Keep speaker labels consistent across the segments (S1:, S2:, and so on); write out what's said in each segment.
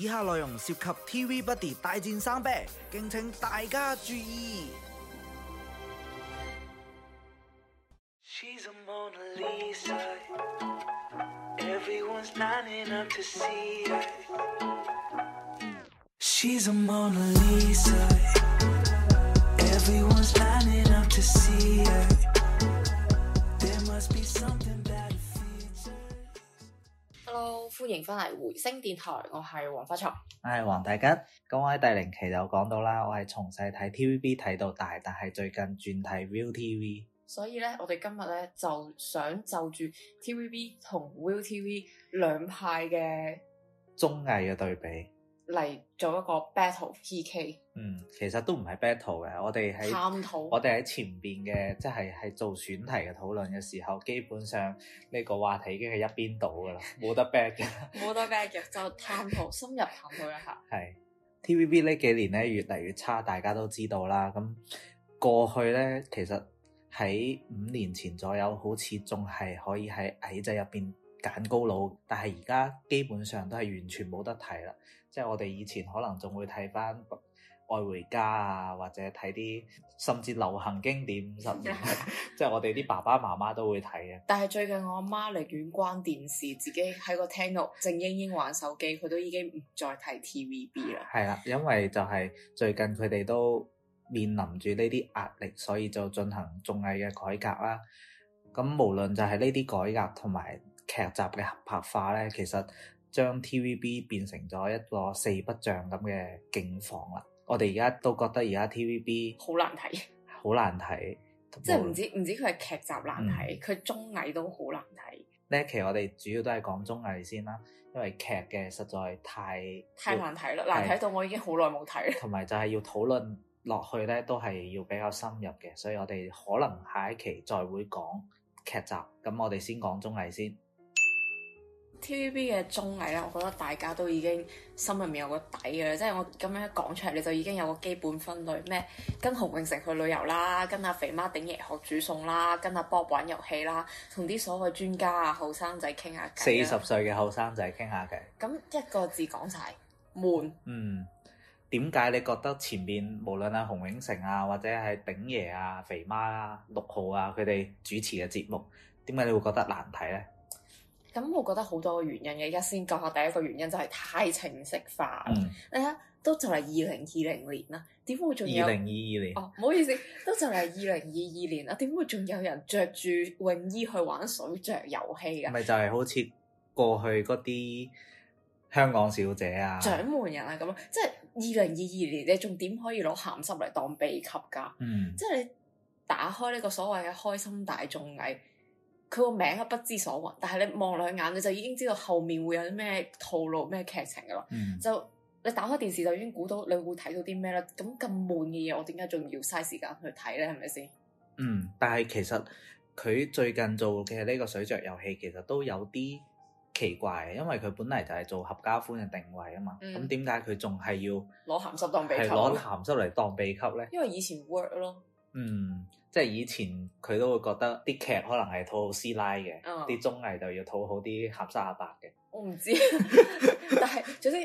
S1: 以下內容涉及 TV Buddy 大戰三杯，敬請大家注意。
S2: 歡迎翻嚟回聲電台，我係黃發財，
S1: 我係黃大吉。咁喺第零期就講到啦，我係從細睇 TVB 睇到大，但係最近轉睇 ViuTV。
S2: 所以咧，我哋今日咧就想就住 TVB 同 ViuTV 兩派嘅
S1: 綜藝嘅對比，
S2: 嚟做一個 battle PK，
S1: 嗯，其實都唔係 battle 嘅。我哋喺探討討，我哋喺前邊嘅即係係做選題嘅討論嘅時候，基本上呢個話題已經係一邊倒噶啦，冇 得 back 嘅，冇
S2: 得 back 嘅，就探討深入探討
S1: 一下。係 TVB 呢幾年咧越嚟越差，大家都知道啦。咁過去咧，其實喺五年前左右，好似仲係可以喺矮仔入邊揀高佬，但係而家基本上都係完全冇得睇啦。即係我哋以前可能仲會睇翻《愛回家》啊，或者睇啲甚至流行經典五十年，即係 我哋啲爸爸媽媽都會睇嘅。
S2: 但係最近我媽寧願關電視，自己喺個廳度靜英英玩手機，佢都已經唔再睇 TVB 啦。
S1: 係啦、啊，因為就係最近佢哋都面臨住呢啲壓力，所以就進行綜藝嘅改革啦。咁無論就係呢啲改革同埋劇集嘅合拍化咧，其實～將 TVB 變成咗一個四不像咁嘅境況啦。我哋而家都覺得而家 TVB
S2: 好難睇，好 難睇，即係唔知唔知佢係劇集難睇，佢、嗯、綜藝都好難睇。
S1: 呢一期我哋主要都係講綜藝先啦，因為劇嘅實在太太難睇啦，是難睇到
S2: 我已經好耐冇睇啦。
S1: 同埋就係要討論落去咧，都係要比較深入嘅，所以我哋可能下一期再會講劇集，咁我哋先講綜藝先。
S2: TVB 嘅綜藝咧，我覺得大家都已經心入面有個底嘅，即係我咁樣一講出嚟，你就已經有個基本分類，咩跟洪永城去旅遊啦，跟阿肥媽鼎爺學煮餸啦，跟阿 Bob 玩遊戲啦，同啲所謂專家啊後生仔傾下偈。四
S1: 十歲嘅後生仔傾下偈。
S2: 咁一個字講晒：悶。
S1: 嗯，點解你覺得前面無論阿洪永城啊，或者係鼎爺啊、肥媽啊、六號啊，佢哋主持嘅節目，點解你會覺得難睇咧？
S2: 咁我覺得好多原因嘅，而家先講下第一個原因就係太程式化。嗯、你睇都就嚟二零二零年啦，點會仲二零二二年？哦，唔好意思，都就嚟二零二二年啦，點會仲有人着住泳衣去玩水着遊戲㗎？咪就係
S1: 好似過去嗰啲香港小姐啊、
S2: 獎門人啊咁咯，即係二零二二年你仲點可以攞鹹濕嚟當秘笈㗎？嗯，即係你打開呢個所謂嘅開心大綜藝。佢個名不知所云，但係你望兩眼你就已經知道後面會有啲咩套路、咩劇情噶啦。嗯、就你打開電視就已經估到你會睇到啲咩啦。咁咁悶嘅嘢，我點解仲要嘥時間去睇咧？係咪先？嗯，
S1: 但係其實佢最近做嘅呢個水著遊戲其實都有啲奇怪，因為佢本嚟就係做合家歡嘅定位啊嘛。咁點解佢仲係要
S2: 攞鹹濕當秘笈，啊？攞鹹
S1: 濕嚟當秘笈咧？
S2: 因為以前 work 咯。嗯。
S1: 即係以前佢都會覺得啲劇可能係討好師奶嘅，啲、哦、綜藝就要討好啲鹹濕阿伯嘅。
S2: 我唔知， 但係總之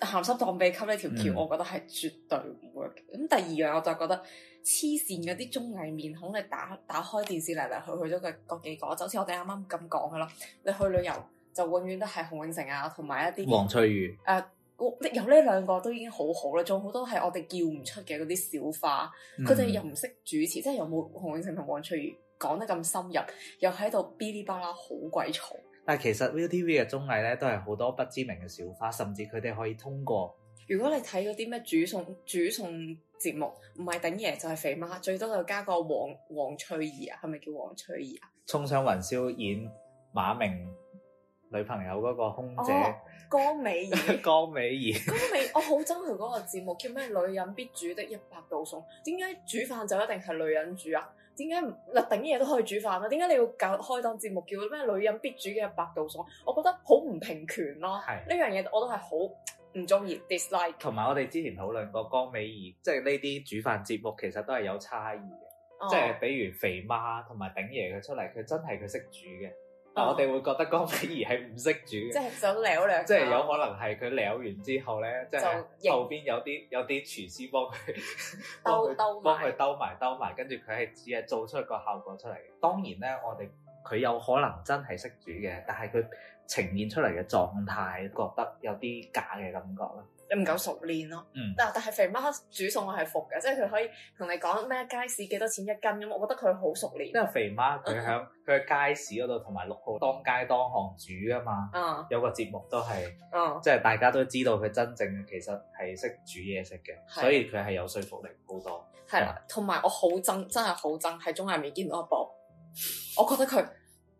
S2: 鹹濕當秘笈呢條橋，嗯、我覺得係絕對唔 work。咁第二樣我就覺得黐線嗰啲綜藝面孔你打打開電視嚟嚟去去都係嗰幾個，就好似我哋啱啱咁講嘅咯。你去旅遊就永遠都係洪永城啊，同埋一啲黃翠如誒。呃有呢兩個都已經好好啦，仲好多係我哋叫唔出嘅嗰啲小花，佢哋又唔識主持，嗯、即係又冇洪永城同黃翠如講得咁深入，又喺度噼哩啪啦好鬼嘈。
S1: 但係其實 Viu TV 嘅綜藝咧，都係好多不知名嘅小花，甚至佢哋可以通過。
S2: 如果你睇嗰啲咩主送主送節目，唔係頂爺就係、是、肥媽，最多就加個黃黃翠如啊，係咪叫黃翠如啊？
S1: 衝上雲霄演馬明女朋友嗰個空姐。哦
S2: 江美儀，
S1: 江美儀宜，
S2: 江美， 我好憎佢嗰個節目叫咩《女人必煮的一百道餸》，點解煮飯就一定係女人煮啊？點解唔立鼎爺都可以煮飯啊？點解你要搞開檔節目叫咩《女人必煮嘅一百道餸》？我覺得好唔平權咯、啊，呢樣嘢我都係好唔中意，dislike。
S1: 同埋我哋之前討論過江美儀，即係呢啲煮飯節目其實都係有差異嘅，哦、即係比如肥媽同埋鼎爺佢出嚟，佢真係佢識煮嘅。我哋會覺得江美儀係唔識煮嘅，即係
S2: 想撩兩，即係有可
S1: 能係佢撩完之後咧，即係就後邊有啲有啲廚師幫
S2: 佢 他兜兜，幫兜，幫
S1: 佢兜埋兜埋，跟住佢係只係做出個效果出嚟。當然咧，我哋佢有可能真係識煮嘅，但係佢呈現出嚟嘅狀態覺得有啲假嘅
S2: 感覺啦。唔夠熟練咯，嗯、但但係肥媽煮餸我係服嘅，即係佢可以同你講咩街市幾多錢一斤，咁我覺得佢好熟練。因為肥
S1: 媽佢喺佢喺街市嗰度同埋六號當街當巷煮噶嘛，嗯、有個節目都係，即係、嗯、大家都知道佢真正其實係識煮嘢食嘅，嗯、所以佢係有說服力好多。
S2: 係啦是，同埋吧我好憎，真係好憎喺綜藝面見到一部，我覺得佢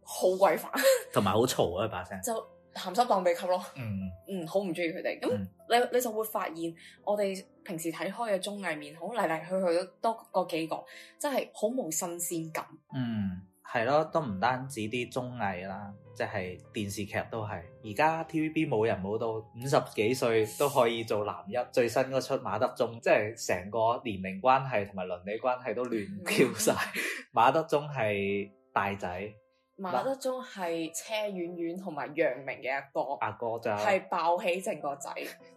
S2: 好鬼煩，
S1: 同埋好嘈啊把聲。
S2: 就鹹濕當秘笈咯，嗯，嗯，好唔中意佢哋。咁、嗯、你你就會發現，我哋平時睇開嘅綜藝面，好嚟嚟去去都多個幾個，真係好冇新鮮感。嗯，
S1: 係咯，都唔單止啲綜藝啦，即係電視劇都係。而家 TVB 冇人冇到五十幾歲都可以做男一，最新嗰出馬德宗，即係成個年齡關係同埋倫理關係都亂跳晒，《 馬德宗係大仔。
S2: 馬德鐘係車婉婉同埋楊明嘅阿哥，哥，阿哥就係鮑起靜個仔。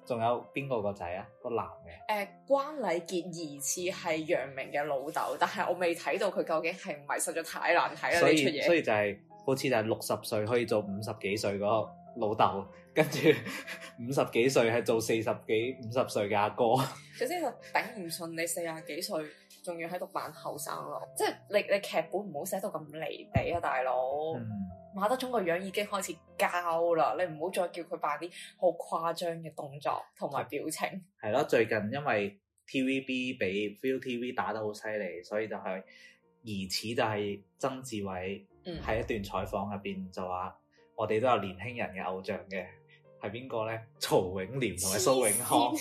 S1: 仲有邊個個仔啊？個男嘅。誒、
S2: 呃，關禮傑疑似係楊明嘅老豆，但係我未睇到佢究竟係唔係，實在太難睇啦呢出嘢。所以就係、
S1: 是、好似就係六十歲可以做五十幾歲嗰個老豆，跟住五十幾歲係做四十幾五十歲嘅阿哥，哥。首先
S2: 就頂唔順你四廿幾歲。仲要喺度扮後生咯，即係你你劇本唔好寫到咁離地啊，大佬！嗯、馬德鐘個樣已經開始膠啦，你唔好再叫佢扮啲好誇張嘅動作同埋表情。
S1: 係咯、嗯，最近因為 TVB 俾 ViuTV 打得好犀利，所以就係疑似就係曾志偉喺一段採訪入邊就話：嗯、我哋都有年輕人嘅偶像嘅，係邊個咧？曹永廉同埋蘇永康。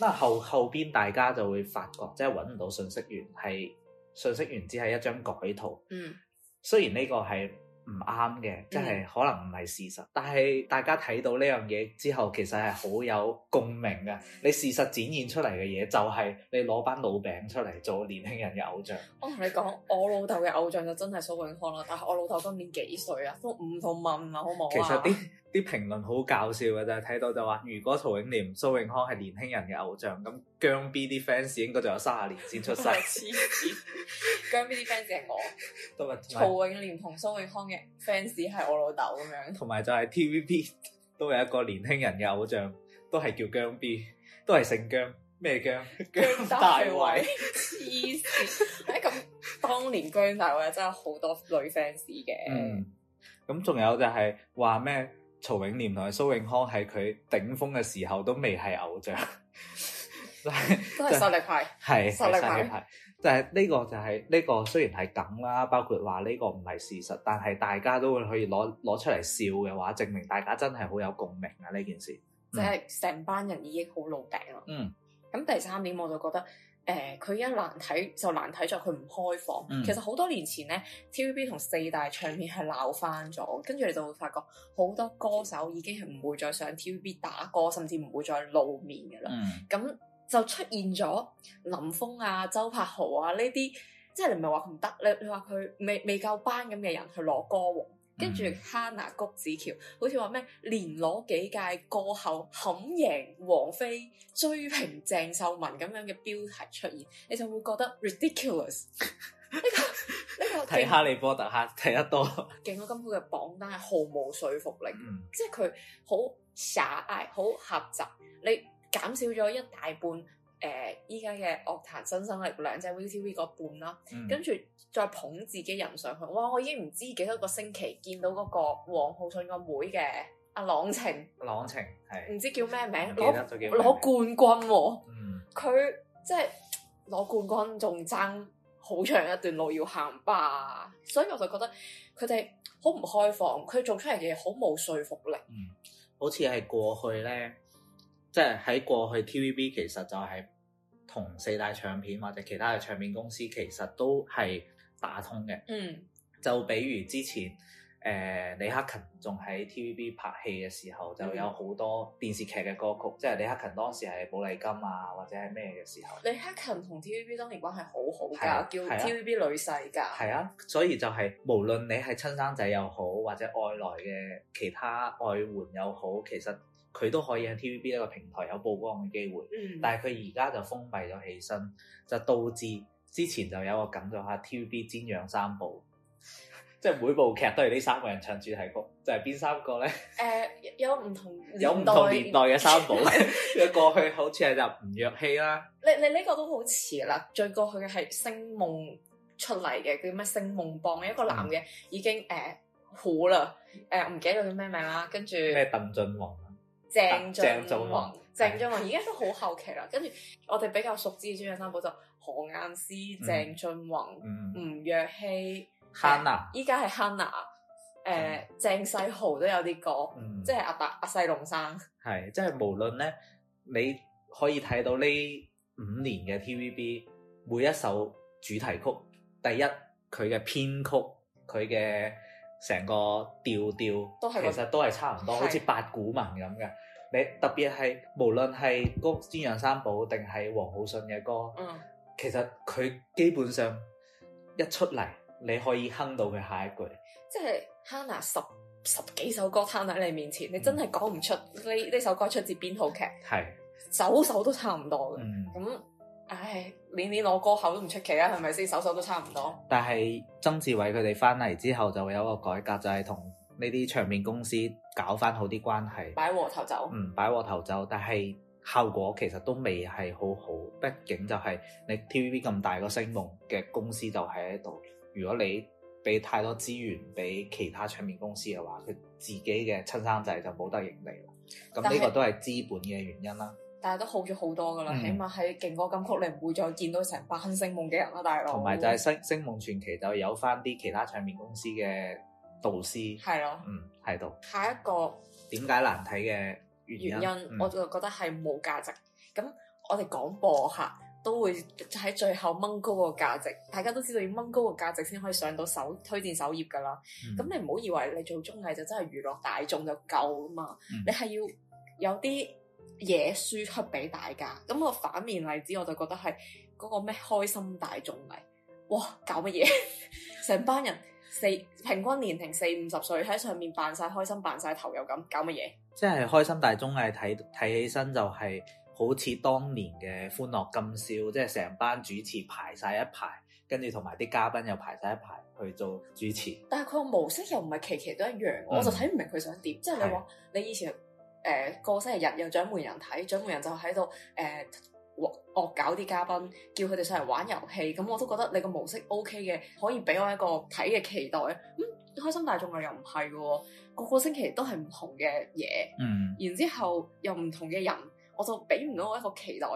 S1: 那後後邊大家就會發覺，即係揾唔到信息源，係信息源只係一張改圖。嗯，雖然呢個係唔啱嘅，嗯、即係可能唔係事實，但係大家睇到呢樣嘢之後，其實係好有共鳴嘅。你事實展現出嚟嘅嘢，就係你攞班老餅出嚟做年輕人嘅偶像。
S2: 我同你講，我老豆嘅偶像就真係蘇永康啦。但係我老豆今年幾歲啊？都唔同問啦，好冇？其實啲……
S1: 啲評論好搞笑㗎咋，睇到就話、是、如果曹永廉、蘇永康係年輕人嘅偶像，咁姜 B 啲 fans 應該仲有三十年先出世。
S2: 姜 B 啲 fans 係我。
S1: 都曹永
S2: 廉同蘇永康嘅 fans 係我老豆咁樣。
S1: 同埋就係 TVB 都有一個年輕人嘅偶像，都係叫姜 B，都係姓姜，咩姜？姜大衛。
S2: 黐線，誒咁， 當年姜大衛真係好多女 fans 嘅。嗯。
S1: 咁仲有就係話咩？曹永廉同埋蘇永康喺佢頂峰嘅時候都未係偶像，
S2: 都係都係實力派，係 實力派。
S1: 就係呢個就係、是、呢、呢個雖然係咁啦，包括話呢個唔係事實，但係大家都會可以攞攞出嚟笑嘅話，證明大家真係好有共鳴啊！呢件事，即
S2: 係成班人已經好老頂啦。 嗯，咁第三點我就覺得。誒佢一難睇就難睇咗佢唔開放。嗯、其實好多年前咧，TVB 同四大唱片係鬧翻咗，跟住你就會發覺好多歌手已經係唔會再上 TVB 打歌，甚至唔會再露面嘅啦。咁、嗯、就出現咗林峰啊、周柏豪啊呢啲，即係、就是、你唔係話佢唔得，你你話佢未未夠班咁嘅人去攞歌王。跟住、嗯、哈拿谷子喬，好似話咩連攞幾屆過後冚贏王菲、追平鄭秀文咁樣嘅標題出現，你就會覺得 ridiculous。呢、 這個呢、 這個睇哈利
S1: 波特嚇睇得多，
S2: 勁到咁好嘅榜單係毫無說服力，嗯、即係佢好狹隘、好狹窄，你減少咗一大半。誒，依家嘅樂壇新生力量即係 ViuTV 嗰半咯，嗯、跟住再捧自己人上去，哇！我已經唔知幾多個星期見到嗰個王浩信個妹嘅阿朗晴，朗晴係唔知叫咩名，攞攞冠軍、啊，佢、嗯、即係攞冠軍仲爭好長一段路要行吧，所以我就覺得佢哋好唔開放，佢做出嚟嘅嘢好冇說服力，嗯、
S1: 好似係過去咧。即係喺過去 TVB 其實就係同四大唱片或者其他嘅唱片公司其實都係打通嘅。嗯，就比如之前誒、呃、李克勤仲喺 TVB 拍戲嘅時候，就有好多電視劇嘅歌曲。嗯、即係李克勤當時係寶麗金啊，或者係咩嘅時候？李
S2: 克勤同 TVB 當年關係好好㗎，啊、叫 TVB 女婿㗎。係
S1: 啊，啊，所以就係無論你係親生仔又好，或者外來嘅其他外援又好，其實。佢都可以喺 TVB 一個平台有曝光嘅機會，嗯、但係佢而家就封閉咗起身，就導致之前就有個梗就話 TVB 煎釀三寶。 即係每部劇都係呢三個人唱主題曲，就係、是、邊三個咧？
S2: 誒、呃，有唔同有唔同年代嘅三寶。
S1: 過去好似係就吳若希啦。
S2: 你你呢個都好遲啦，最過去嘅係星夢出嚟嘅叫咩星夢幫、嗯、一個男嘅已經誒好啦。誒、呃，唔、呃、記得咗叫咩名啦。跟住
S1: 咩鄧俊王？
S2: 鄭俊弘，鄭俊弘而家都好後期啦。跟住我哋比較熟知嘅《煎釀三寶》就是、何雁詩、鄭俊弘、吳、嗯、若希、Hanna，依家係、呃、Hanna。誒、呃，鄭世、嗯、豪都有啲歌，嗯、即係阿達阿細龍生。
S1: 係，即係無論咧，你可以睇到呢五年嘅 TVB 每一首主題曲，第一佢嘅編曲，佢嘅。成個調調其實都係差唔多，好似八股文咁嘅。你的特別係無論係煎釀三寶》定係王浩信嘅歌，嗯、其實佢基本上一出嚟，你可以哼到佢下一句。
S2: 即係哼嗱十十幾首歌撐喺你面前，嗯、你真係講唔出呢呢首歌出自邊套劇，首首的都差唔多嘅。咁、嗯嗯唉，年年攞歌后都唔出奇啦，係咪先？首首都差唔
S1: 多。但係曾志偉佢哋翻嚟之後，就會有一個改革，就係同呢啲唱片公司搞翻好啲關係，擺
S2: 和頭酒，嗯，
S1: 擺和頭酒，但係效果其實都未係好好，畢竟就係你 TVB 咁大個星夢嘅公司就喺度，如果你俾太多資源俾其他唱片公司嘅話，佢自己嘅親生仔就冇得盈利啦。咁呢個都係資本嘅原因啦。
S2: 但係都好咗好多噶啦，嗯、起碼喺勁歌金曲，你唔會再見到成班星夢嘅人啦，大佬。同埋就係會《
S1: 星星夢傳奇》就有翻啲其他唱片公司嘅導師，係咯的，嗯，喺度。下一個點解難睇嘅原因，原因嗯、我就
S2: 覺得係冇價值。咁我哋講播客都會喺最後掹高個價值，大家都知道要掹高個價值先可以上到首推薦首頁噶啦。咁、嗯、你唔好以為你做綜藝就真係娛樂大眾就夠啊嘛，嗯、你係要有啲。嘢輸出俾大家，咁、那個反面例子我就覺得係嗰個咩開心大綜藝，哇，搞乜嘢？成 班人四平均年齡四五十歲喺上面扮晒開心，扮晒頭又咁，搞乜嘢？
S1: 即係開心大綜藝睇睇起身就係、是、好似當年嘅歡樂今宵，即係成班主持排晒一排，跟住同埋啲嘉賓又排晒一排去做主持。
S2: 但係佢個模式又唔係期期都一樣，嗯、我就睇唔明佢想點。嗯、即係你話是你以前。誒、呃，個星期日有獎門人睇，獎門人就喺度誒惡搞啲嘉賓，叫佢哋上嚟玩遊戲，咁我都覺得你個模式 O K 嘅，可以俾我一個睇嘅期待。咁、嗯《開心大眾》又又唔係嘅，個個星期都係唔同嘅嘢，嗯，然之後又唔同嘅人，我就俾唔到我一個期待。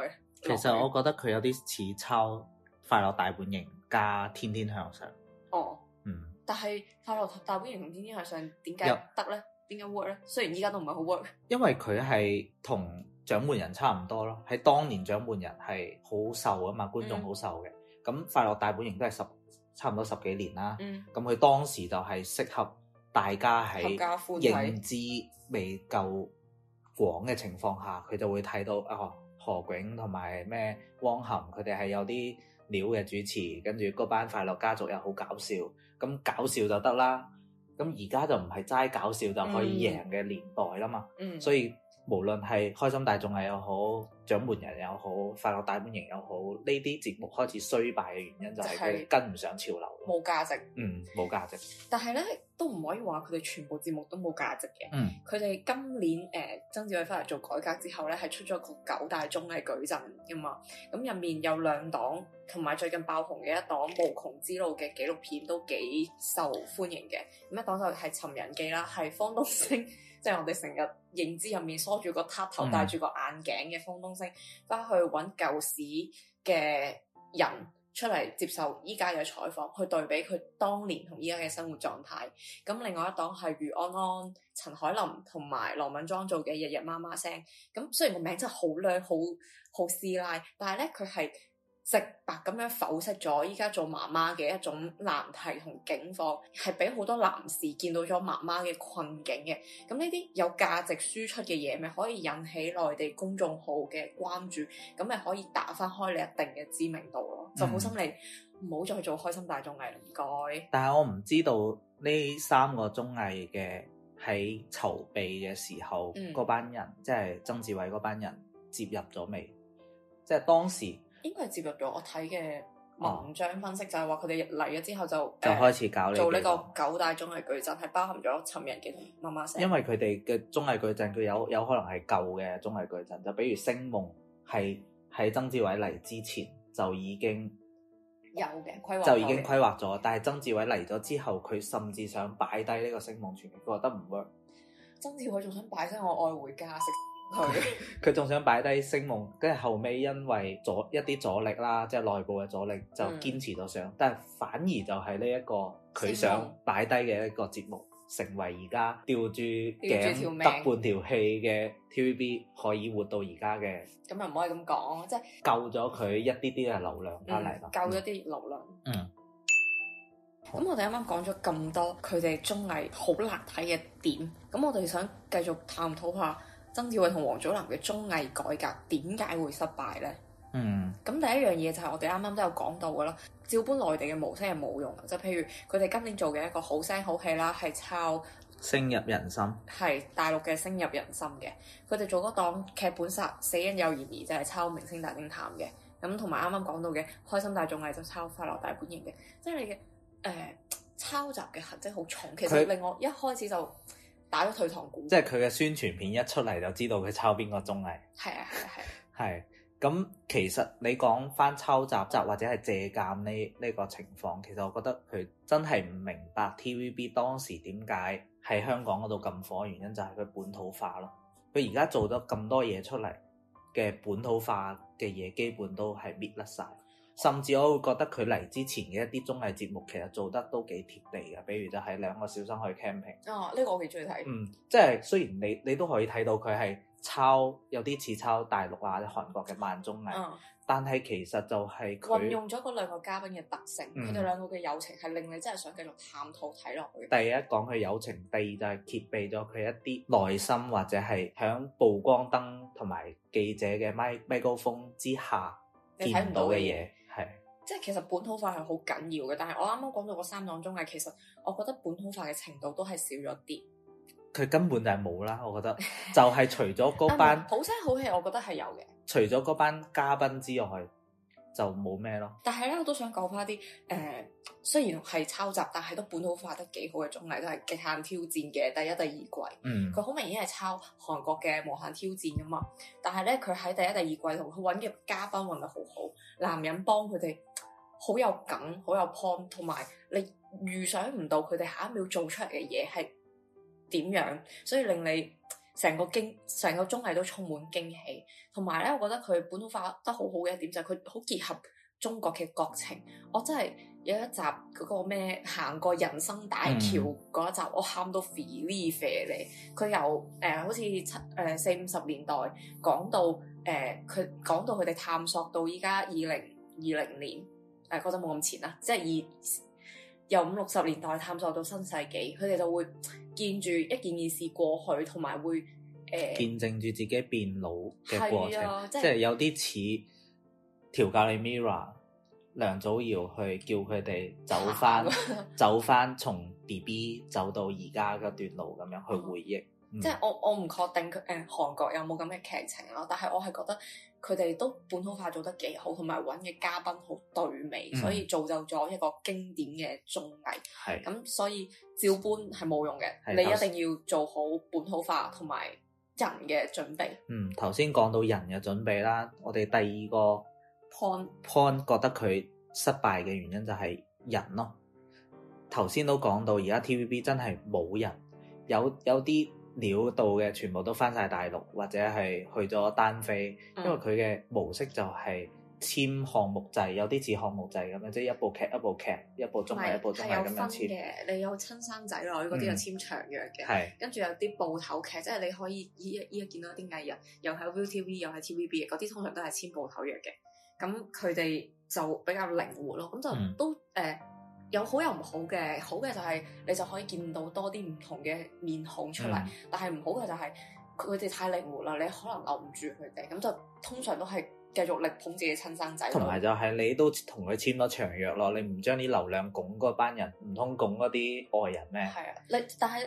S2: 其實我
S1: 覺得佢有啲似抄《快樂大本營》加《天天向上》，
S2: 哦，嗯，但係《快樂大本營》同《天天向上》點解得咧？點解 work 咧？雖然依家都唔係好 work，
S1: 因為佢係同獎門人差唔多咯，喺當年獎門人係好受啊嘛，觀眾好受嘅。咁、嗯、快樂大本營都係十差唔多十幾年啦。咁佢、嗯、當時就係適合大家喺認知未夠廣嘅情況下，佢就會睇到啊、哦、何炅同埋咩汪涵，佢哋係有啲料嘅主持，跟住嗰班快樂家族又好搞笑，咁搞笑就得啦。咁而家就唔係齋搞笑就可以贏嘅年代啦嘛，嗯、所以。無論係開心大綜藝又好，掌門人又好，快樂大本營又好，呢啲節目開始衰敗嘅原因就係佢跟唔上潮流，冇價值，嗯，冇價值。
S2: 但係咧，都唔可以話佢哋全部節目都冇價值嘅，嗯，佢哋今年誒、呃、曾志偉翻嚟做改革之後咧，係出咗個九大綜藝舉陣㗎嘛，咁、嗯、入面有兩檔，同埋最近爆紅嘅一檔無窮之路嘅紀錄片都幾受歡迎嘅，咁一檔就係尋人記啦，係方東升。 即係我哋成日認知入面梳住個塔頭戴住個眼鏡嘅方東昇，返、嗯、去揾舊時嘅人出嚟接受依家嘅採訪，去對比佢當年同依家嘅生活狀態。咁另外一檔係余安安、陳凱琳同埋羅敏莊做嘅《日日媽媽聲》。咁雖然個名真係好靚，好好師奶，但係咧，佢係。直白咁樣剖析咗，依家做媽媽嘅一種難題同境況，係俾好多男士見到咗媽媽嘅困境嘅。咁呢啲有價值輸出嘅嘢，咪可以引起內地公眾號嘅關注，咁咪可以打翻開你一定嘅知名度咯。嗯、就好心你唔好再做開心大綜藝啦，唔該。
S1: 但係我唔知道呢三個綜藝嘅喺籌備嘅時候，嗰班、嗯、人即係曾志偉嗰班人
S2: 接入咗未？
S1: 即係當時。
S2: 應該係接入咗我睇嘅文章分析，哦、就係話佢哋嚟咗之後就就
S1: 開始搞做呢個
S2: 九大綜藝巨陣，係、嗯、包含咗尋人嘅媽媽聲。因為
S1: 佢哋嘅綜藝巨陣，佢有有可能係舊嘅綜藝巨陣，就比如夢《聲夢》係喺曾志偉嚟之前就已經
S2: 有嘅規劃，規劃就已經規
S1: 劃咗。的但係曾志偉嚟咗之後，佢甚至想擺低呢個夢傳《聲夢傳奇》，佢覺得唔 work。
S2: 曾志偉仲想擺低我愛回家食。
S1: 佢仲 想擺低聲夢，跟住後尾因為阻一啲阻力啦，即係內部嘅阻力，就堅持到上，嗯、但係反而就係呢一個佢想擺低嘅一個節目，成為而家吊住頸得半條氣嘅 TVB 可以活到而家嘅。
S2: 咁又唔可以咁講，即係
S1: 救咗佢一啲啲嘅流量翻嚟，
S2: 救咗啲流量。嗯。咁我哋啱啱講咗咁多，佢哋綜藝好難睇嘅點，咁我哋想繼續探討下。曾志偉同王祖藍嘅綜藝改革點解會失敗呢？嗯，咁第一樣嘢就係我哋啱啱都有講到嘅啦，照搬內地嘅模式係冇用嘅，就譬如佢哋今年做嘅一個好聲好戲啦，係抄《
S1: 聲入人心》，
S2: 係大陸嘅《聲入人心》嘅，佢哋做嗰檔劇本殺《死因有嫌疑》就係、是、抄《明星大偵探》嘅，咁同埋啱啱講到嘅《開心大綜藝》就抄《快樂大本營》嘅，即係你嘅誒、呃、抄襲嘅痕跡好重，其實令我一開始就。打咗退堂鼓，即係
S1: 佢嘅宣傳片一出嚟，就知道佢抄邊個綜藝。係啊，係啊，咁、啊、 其實你講翻抄襲襲或者係借鑑呢，呢個情況，其實我覺得佢真係唔明白 TVB 當時點解喺香港嗰度咁火，原因就係佢本土化咯。佢而家做咗咁多嘢出嚟嘅本土化嘅嘢，基本都係搣甩晒。甚至我會覺得佢嚟之前嘅一啲綜藝節目其實做得都幾貼地嘅，比如就係兩個小生去 camping，啊，
S2: 呢個我幾中意睇。嗯，
S1: 即係雖然你你都可以睇到佢係抄有啲似抄大陸啊、韓國嘅慢綜藝，嗯、但係其實就係佢運用
S2: 咗嗰兩個嘉賓嘅特性，佢哋兩個嘅友情係令你真係想繼續探討睇落去。
S1: 第一講佢友情，第二就係揭秘咗佢一啲內心、嗯、或者係響曝光燈同埋記者嘅 mic 麥高峯之下
S2: 見唔到嘅嘢。即係其實本土化係好緊要嘅，但係我啱啱講到個三檔綜藝，其實我覺得本土化嘅程度都係少咗啲。
S1: 佢根本就係冇啦，我覺得 就係除咗嗰班、嗯、
S2: 好聲好氣，我覺得係有嘅。
S1: 除咗嗰班嘉賓之外，就冇咩咯。
S2: 但係咧，我都想講翻啲誒，雖然係抄襲，但係都本土化得幾好嘅綜藝都係極限挑戰嘅第一、第二季。嗯，佢好明顯係抄韓國嘅無限挑戰噶嘛。但係咧，佢喺第一、第二季同佢揾嘅嘉賓揾得好好，男人幫佢哋。好有梗，好有 point，同埋你預想唔到佢哋下一秒做出嚟嘅嘢係點樣，所以令你成個經成個綜藝都充滿驚喜。同埋咧，我覺得佢本土化得好好嘅一點就係佢好結合中國嘅國情。我真係有一集嗰、嗰個咩行過人生大橋嗰一集，我喊到肥哩肥咧。佢由誒、呃、好似七誒、呃、四五十年代講到誒、佢、呃、講到佢哋探索到依家二零二零年。誒覺得冇咁前啦，即係以由五六十年代探索到新世紀，佢哋就會見住一件件事過去，同埋會誒、呃、見
S1: 證住自己變老嘅過程，啊就是、即係有啲似調教你 MIRROR 梁祖堯去叫佢哋走翻 走翻從 B B 走到而家嘅段路咁樣去回憶。嗯嗯、即係
S2: 我我唔確定誒、呃、韓國有冇咁嘅劇情咯，但係我係覺得。佢哋都本土化做得幾好，同埋揾嘅嘉賓好對味，嗯、所以造就咗一個經典嘅綜藝。係是，咁所以照搬係冇用嘅，是你一定要做好本土化同埋人嘅準備。
S1: 嗯，頭先講到人嘅準備啦，我哋第二個 point point, point 覺得佢失敗嘅原因就係人咯。頭先都講到，而家 TVB 真係冇人，有有啲。料到嘅全部都翻晒大陸，或者係去咗單飛，因為佢嘅模式就係簽項目制，嗯、有啲似項目制咁樣，即係一部劇一部劇，一部綜藝一部綜藝咁樣簽。嘅，
S2: 你有親生仔女嗰啲就簽長約嘅，嗯、跟住有啲部頭劇，即係你可以依依依見到啲藝人又喺 ViuTV 又喺 TVB，嗰啲通常都係簽部頭約嘅。咁佢哋就比較靈活咯，咁就都誒。嗯呃有好有唔好嘅，好嘅就係你就可以見到多啲唔同嘅面孔出嚟，嗯、但係唔好嘅就係佢哋太靈活啦，你可能留唔住佢哋，咁就通常都係繼續力捧自己親生仔。同埋
S1: 就係你都同佢簽咗長約咯，你唔將啲流量拱嗰班人，唔通拱嗰啲外人咩？係啊，
S2: 你但係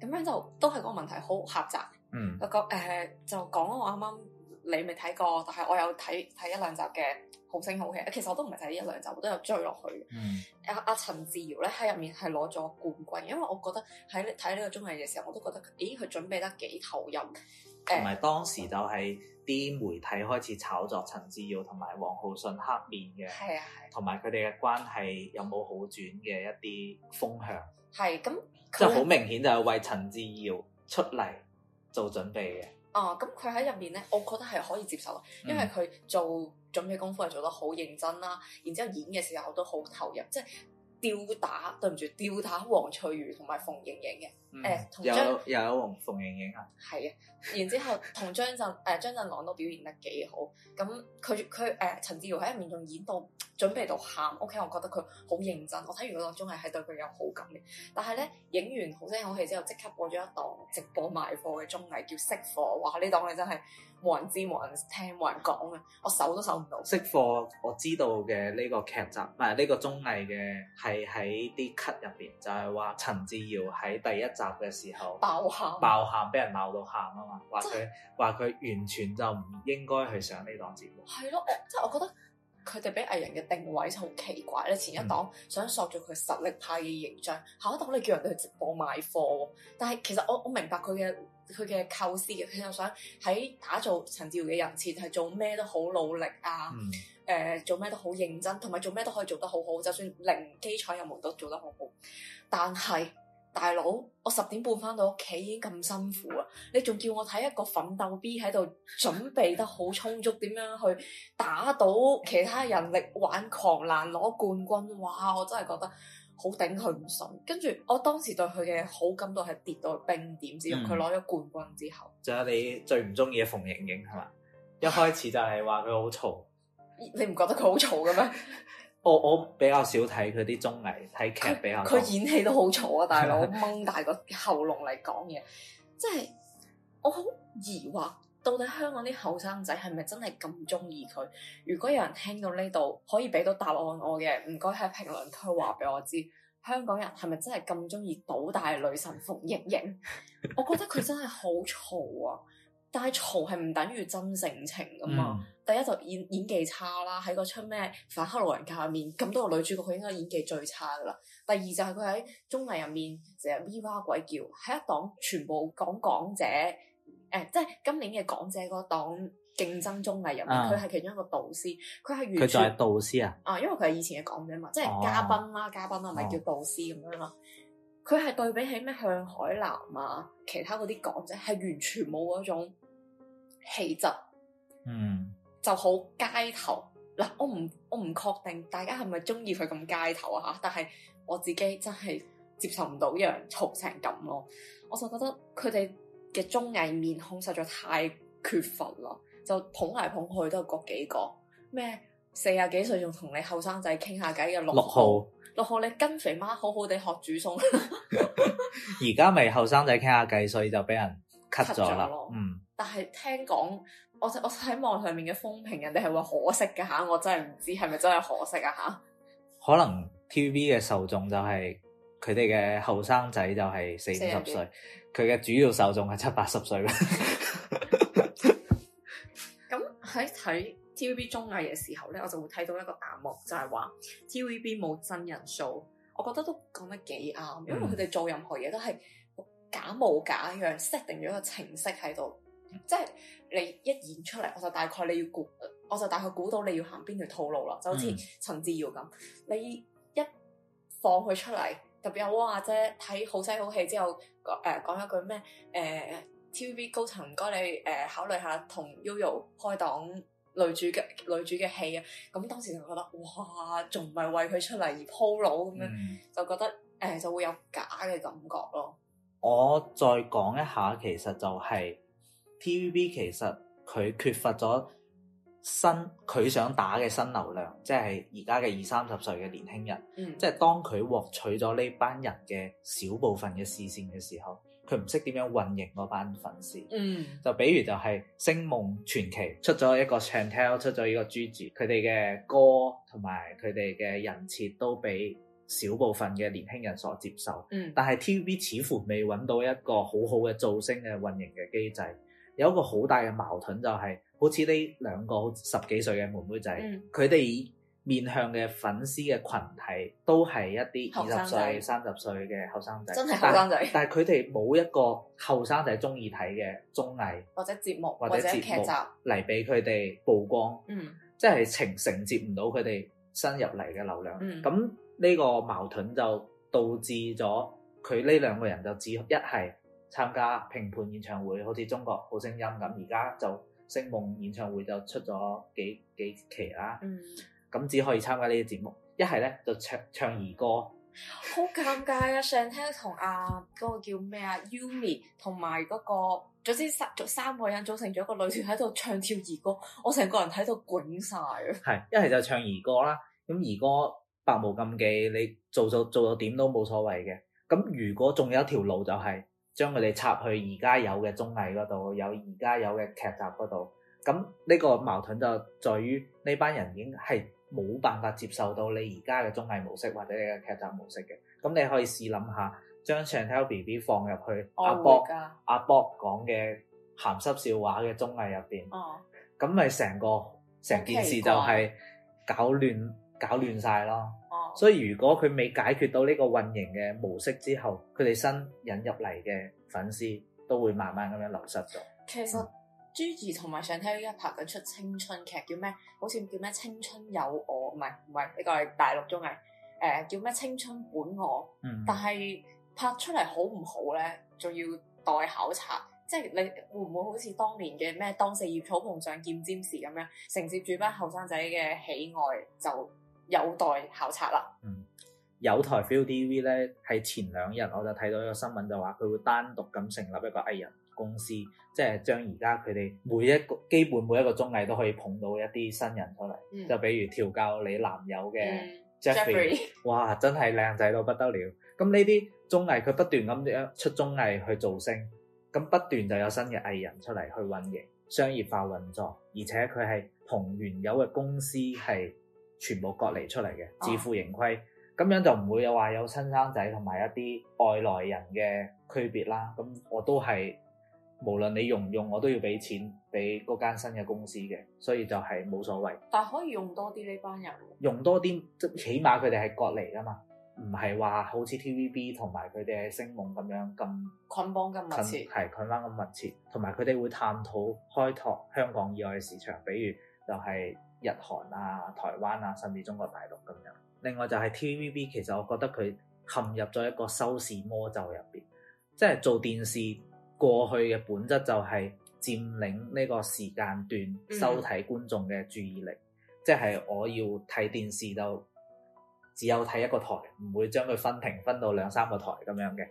S2: 咁樣就都係嗰個問題好狹窄。嗯，呃、我講誒就講我啱啱。你未睇過，但係我有睇睇一兩集嘅《好聲好戲》，其實我都唔係睇一兩集，我都有追落去嘅。嗯。阿阿、啊、陳自瑤咧喺入面係攞咗冠軍，因為我覺得喺睇呢個綜藝嘅時候，我都覺得，咦，佢準備得幾投入。誒、
S1: 欸。同埋當時就係啲媒體開始炒作陳自瑤同埋王浩信黑面嘅。係啊係。同埋佢哋嘅關係有冇好轉嘅一啲風向？
S2: 係咁、啊，即係
S1: 好明顯就係為陳自瑤出嚟做準備嘅。
S2: 啊，咁佢喺入面咧，我覺得係可以接受囉，因為佢做準備功夫係做得好認真啦，然之後演嘅時候我都好投入，即係。吊打，對唔住，吊打黃翠如同埋馮盈盈嘅，誒同、嗯、張又
S1: 有又有黃馮盈
S2: 盈啊，係啊，然之後同張振誒、 呃、張振朗都表現得幾好，咁佢佢誒陳自瑤喺入面仲演到準備到喊、嗯、，OK，我覺得佢好認真，我睇完嗰檔綜藝係對佢有好感嘅，但係咧影完好聲好氣之後，即刻播咗一檔直播賣貨嘅綜藝叫《識貨》。哇！呢檔嘢真係～冇人知，冇人聽，冇人講啊！我搜都搜唔到。
S1: 識貨，我知道嘅呢個劇集唔係呢個綜藝嘅，係喺啲 cut 入邊，就係話陳自瑤喺第一集嘅時候爆喊，爆喊俾人鬧到喊啊嘛！話佢話佢完全就唔應該去上呢檔節目。係
S2: 咯，即係我覺得佢哋俾藝人嘅定位就好奇怪咧。前一檔想索住佢實力派嘅形象，下一檔你叫人哋去直播賣貨，但係其實我我明白佢嘅。佢嘅構思，佢就想喺打造陳自瑤嘅人設，係做咩都好努力啊，誒、呃、做咩都好認真，同埋做咩都可以做得好好，就算零基礎入門都做得好好。但係大佬，我十點半翻到屋企已經咁辛苦啊，你仲叫我睇一個奮鬥 B 喺度準備得好充足，點樣去打倒其他人力挽狂瀾攞冠軍？哇！我真係覺得～好頂佢唔順，跟住我當時對佢嘅好感度係跌到冰點，至用佢攞咗冠軍之後。
S1: 仲、嗯、有你最唔中意嘅馮盈盈係嘛？ 一開始就係話佢好嘈，
S2: 你唔覺得佢好嘈嘅咩？
S1: 我我比較少睇佢啲綜藝，睇劇比較。佢演
S2: 戲都好嘈啊，大佬，掹 大個喉嚨嚟講嘢，即係我好疑惑。到底香港啲後生仔係咪真係咁中意佢？如果有人聽到呢度可以俾到答案我嘅，唔該喺評論區話俾我知，香港人係咪真係咁中意倒大女神馮盈盈？我覺得佢真係好嘈啊！但係嘈係唔等於真性情噶嘛？嗯、第一就演演技差啦，喺個出咩反黑路人甲入面咁多個女主角，佢應該演技最差噶啦。第二就係佢喺綜藝入面成日咪哇鬼叫，喺一檔全部講講，講者。誒，即係今年嘅港姐嗰檔競爭綜藝入面，佢係、嗯、其中一個導師，佢係完全導師啊！啊，因為佢係以前嘅港姐嘛，即係嘉賓啦，嘉賓啊，咪、哦啊、叫導師咁樣嘛。佢係、哦、對比起咩向海嵐啊，其他嗰啲港姐係完全冇嗰種氣質，嗯，就好街頭嗱。我唔我唔確定大家係咪中意佢咁街頭啊？嚇，但係我自己真係接受唔到一樣嘈成咁咯。我就覺得佢哋嘅綜藝面孔實在太缺乏啦，就捧嚟捧去都係嗰幾個咩四十幾歲仲同你後生仔傾下偈嘅六號，六號，六號你跟肥媽好好地學煮餸。
S1: 而家咪後生仔傾下偈，所以就俾人 cut 咗啦。嗯了，
S2: 但係聽講我我睇網上面嘅風評，人哋係話可惜㗎嚇，我真係唔知係咪真係可惜啊嚇。
S1: 可能 TVB 嘅受眾就係佢哋嘅後生仔，就係四五十歲。佢嘅主要受眾係七八十歲啦
S2: 咁喺睇 TVB 綜藝嘅時候咧，我就會睇到一個彈幕，就係、是、話 TVB 冇真人騷，我覺得都講得幾啱，因為佢哋做任何嘢都係假模假一樣，設定咗個程式喺度，mm. 即係你一演出嚟，我就大概你要估，我就大概估到你要行邊條套路啦。就好似陳自瑤咁，你一放佢出嚟，特別阿汪阿姐睇好睇好戲之後。誒講、呃、一句咩？誒、呃、TVB 高層，唔該你誒、呃、考慮下同 Yoyo 開檔女主嘅女主嘅戲啊！咁當時就覺得哇，仲唔係為佢出嚟而鋪路咁、嗯、樣，就覺得誒、呃、就會有假嘅感覺咯。
S1: 我再講一下，其實就係、是、TVB，其實佢缺乏咗。新佢想打嘅新流量，即係而家嘅二三十歲嘅年輕人，嗯、即係當佢獲取咗呢班人嘅小部分嘅視線嘅時候，佢唔識點樣運營嗰班粉絲，嗯，就比如就係星夢傳奇出咗一個 Chantel 出咗依個 G G 佢哋嘅歌同埋佢哋嘅人設都俾小部分嘅年輕人所接受。嗯，但係 TVB 似乎未揾到一個好好嘅造星嘅運營嘅機制。有一個好大嘅矛盾就係，好似呢兩個十幾歲嘅妹妹仔，佢哋面向嘅粉絲嘅群體都係一啲二十歲、三十歲嘅後生仔，真係後生仔。但係佢哋冇一個後生仔中意睇嘅綜藝
S2: 或者節目或者劇集
S1: 嚟俾佢哋曝光，嗯，即係承承接唔到佢哋新入嚟嘅流量。咁呢個矛盾就導致咗佢呢兩個人就只一係，參加評判演唱會，好似中國好聲音咁。而家就星夢演唱會就出咗幾幾期啦。咁、嗯、只可以參加呢啲節目，一係咧就唱唱兒歌，
S2: 好尷尬啊！上天同阿嗰個叫咩啊、Yumi 同埋嗰個，總之三三個人組成咗一個女團喺度唱跳兒歌，我成個人喺度滾晒啊！
S1: 係一係就唱兒歌啦。咁兒歌百無禁忌，你做到做到點都冇所謂嘅。咁如果仲有一條路就係、是、～將佢哋插去而家有嘅綜藝嗰度，有而家有嘅劇集嗰度，咁呢個矛盾就在於呢班人已經係冇辦法接受到你而家嘅綜藝模式或者你嘅劇集模式嘅。咁你可以試諗下，將 Chantel BB 放入去阿博阿博講嘅鹹濕笑話嘅綜藝入邊，咁咪成個成件事就係搞亂搞亂晒咯。所以如果佢未解決到呢個運營嘅模式之後，佢哋新引入嚟嘅粉絲都會慢慢咁樣流失咗。
S2: 其實 Gigi 同埋上體依家拍緊出青春劇，叫咩？好似叫咩？青春有我，唔係唔係，呢、這個係大陸綜藝，誒、呃、叫咩？青春本我。嗯哼。但係拍出嚟好唔好咧？仲要待考察。即係你會唔會好似當年嘅咩？當四葉草碰上劍尖時咁樣，承接住班後生仔嘅喜愛就？
S1: 有待考察啦。嗯，有台 ViuTV 咧，係前兩日我就睇到一個新聞就，就話佢會單獨咁成立一個藝人公司，即係將而家佢哋每一個基本每一個綜藝都可以捧到一啲新人出嚟。嗯、就比如調教你男友嘅 Jeff、嗯、Jeffrey，哇，真係靚仔到不得了。咁呢啲綜藝佢不斷咁出綜藝去造星，咁不斷就有新嘅藝人出嚟去運營、商業化運作，而且佢係同原有嘅公司係。全部割離出嚟嘅，自負、啊、盈虧，咁樣就唔會有話有親生仔同埋一啲外來人嘅區別啦。咁我都係，無論你用唔用，我都要俾錢俾嗰間新嘅公司嘅，所以就係冇所謂。
S2: 但可以用多啲呢班人，
S1: 用多啲，即起碼佢哋係割離㗎嘛，唔係話好似 TVB 同埋佢哋嘅星夢咁樣咁捆綁咁密切，係捆綁咁密切，同埋佢哋會探討開拓香港以外嘅市場，比如就係、是。日韓啊、台灣啊，甚至中國大陸咁樣。另外就係 TVB，其實我覺得佢陷入咗一個收視魔咒入邊，即係做電視過去嘅本質就係佔領呢個時間段收睇觀眾嘅注意力，嗯、即係我要睇電視就只有睇一個台，唔會將佢分屏分到兩三個台咁樣嘅。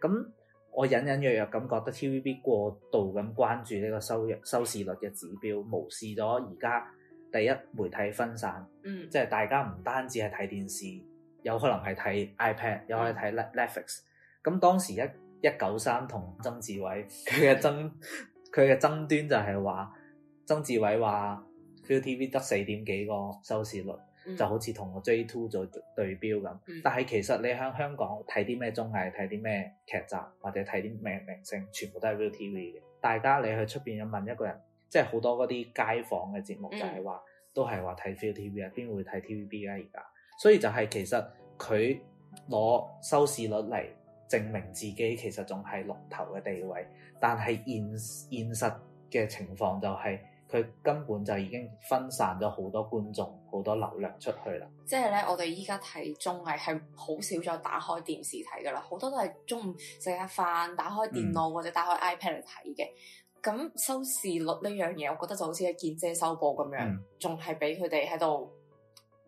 S1: 咁我隱隱約約咁覺得 TVB 過度咁關注呢個收入收視率嘅指標，無視咗而家。第一媒體分散，嗯、即係大家唔單止係睇電視，有可能係睇 iPad，又可以睇 Netflix。咁、嗯、當時一一九三同曾志偉佢嘅爭佢嘅爭端就係話曾志偉話 ViuTV 得四點幾個收視率，嗯、就好似同個 J Two 做對標咁。嗯、但係其實你喺香港睇啲咩綜藝，睇啲咩劇集，或者睇啲咩明星，全部都係 ViuTV 嘅。大家你去出邊要問一個人，即係好多嗰啲街坊嘅節目就，就係話都係話睇 ViuTV 啊，邊會睇 TVB 啊？而家，所以就係其實佢攞收視率嚟證明自己，其實仲係龍頭嘅地位。但係現現實嘅情況就係佢根本就已經分散咗好多觀眾、好多流量出去啦。
S2: 即係咧，我哋依家睇綜藝係好少再打開電視睇噶啦，好多都係中午食下飯，打開電腦、嗯、或者打開 iPad 嚟睇嘅。咁收視率呢樣嘢，我覺得就好似一件遮羞布咁樣，仲係俾佢哋喺度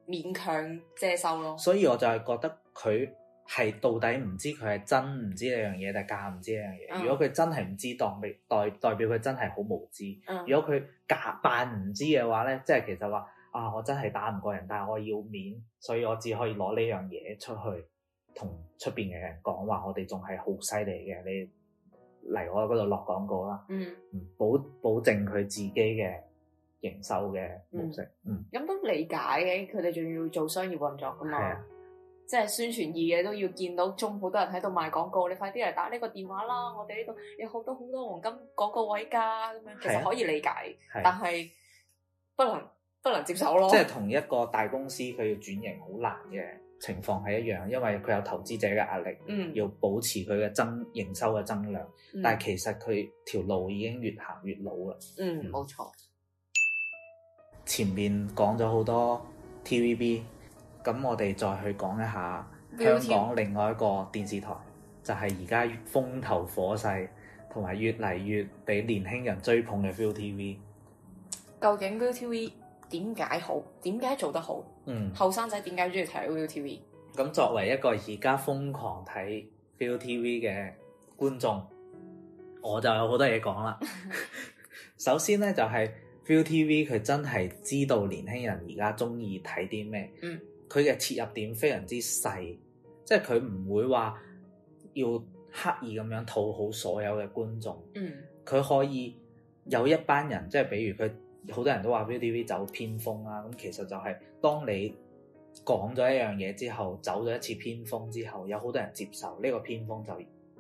S2: 勉強遮羞咯。所以我
S1: 就係覺得佢係到底唔知佢係真唔知呢樣嘢，定係假唔知呢樣嘢？嗯、如果佢真係唔知，當代代表佢真係好無知；嗯、如果佢假扮唔知嘅話咧，即係其實話啊，我真係打唔過人，但係我要面，所以我只可以攞呢樣嘢出去同出面嘅人講話，我哋仲係好犀利嘅你。嚟我嗰度落廣告啦，嗯，保保證佢自己嘅營收嘅模式，
S2: 嗯，咁、嗯、都理解嘅，佢哋仲要做商業運作噶嘛，的即係宣傳二嘅都要見到中好多人喺度賣廣告，你快啲嚟打呢個電話啦，嗯、我哋呢度有好多好多黃金廣告位㗎，咁樣其實可以理解。的但係不能不能接受咯，即係
S1: 同一個大公司佢要轉型好難嘅。情況係一樣，因為佢有投資者嘅壓力，嗯、要保持佢嘅增營收嘅增量。嗯、但係其實佢條路已經越行越老啦。嗯，冇錯。前面講咗好多 TVB，咁我哋再去講一下
S2: 香港另
S1: 外一個電視台，就係而家風頭火勢同埋越嚟越畀年輕人追捧嘅 ViuTV。
S2: 究竟 ViuTV 點解好？點解做得好？嗯，後生仔點解中意睇 ViuTV？
S1: 咁作為一個而家瘋狂睇 ViuTV 嘅觀眾，我就有好多嘢講啦。 首先咧就係、是、ViuTV 佢真係知道年輕人而家中意睇啲咩，嗯，佢嘅切入點非常之細，即係佢唔會話要刻意咁樣討好所有嘅觀眾，嗯，佢可以有一班人，即係比如佢。好多人都話 ViuTV 走偏鋒啦、啊，咁其實就係當你講咗一樣嘢之後，走咗一次偏鋒之後，有好多人接受呢個偏鋒就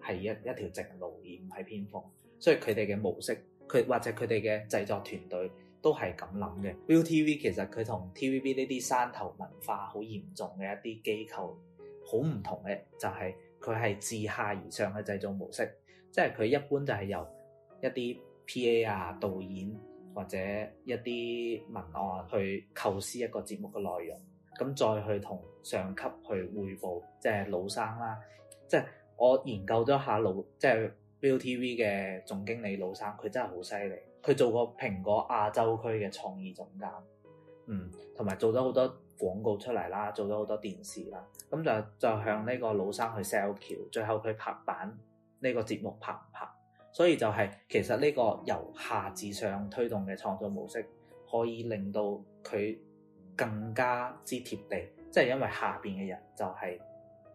S1: 係一一條直路而唔係偏鋒，所以佢哋嘅模式佢或者佢哋嘅製作團隊都係咁諗嘅。Mm hmm. ViuTV 其實佢同 TVB 呢啲山頭文化好嚴重嘅一啲機構好唔同嘅，就係佢係自下而上嘅製作模式，即係佢一般就係由一啲 PA 啊導演，或者一啲文案去構思一個節目嘅內容，咁再去同上級去匯報，即係老生啦。即係我研究咗下老，即係 ViuTV 嘅總經理老生，佢真係好犀利。佢做過蘋果亞洲區嘅創意總監，嗯，同埋做咗好多廣告出嚟啦，做咗好多電視啦。咁就就向呢個老生去 sell 橋，最後佢拍板呢個節目拍唔拍？所以就係、是、其實呢個由下至上推動嘅創作模式，可以令到佢更加之貼地，即係因為下邊嘅人就係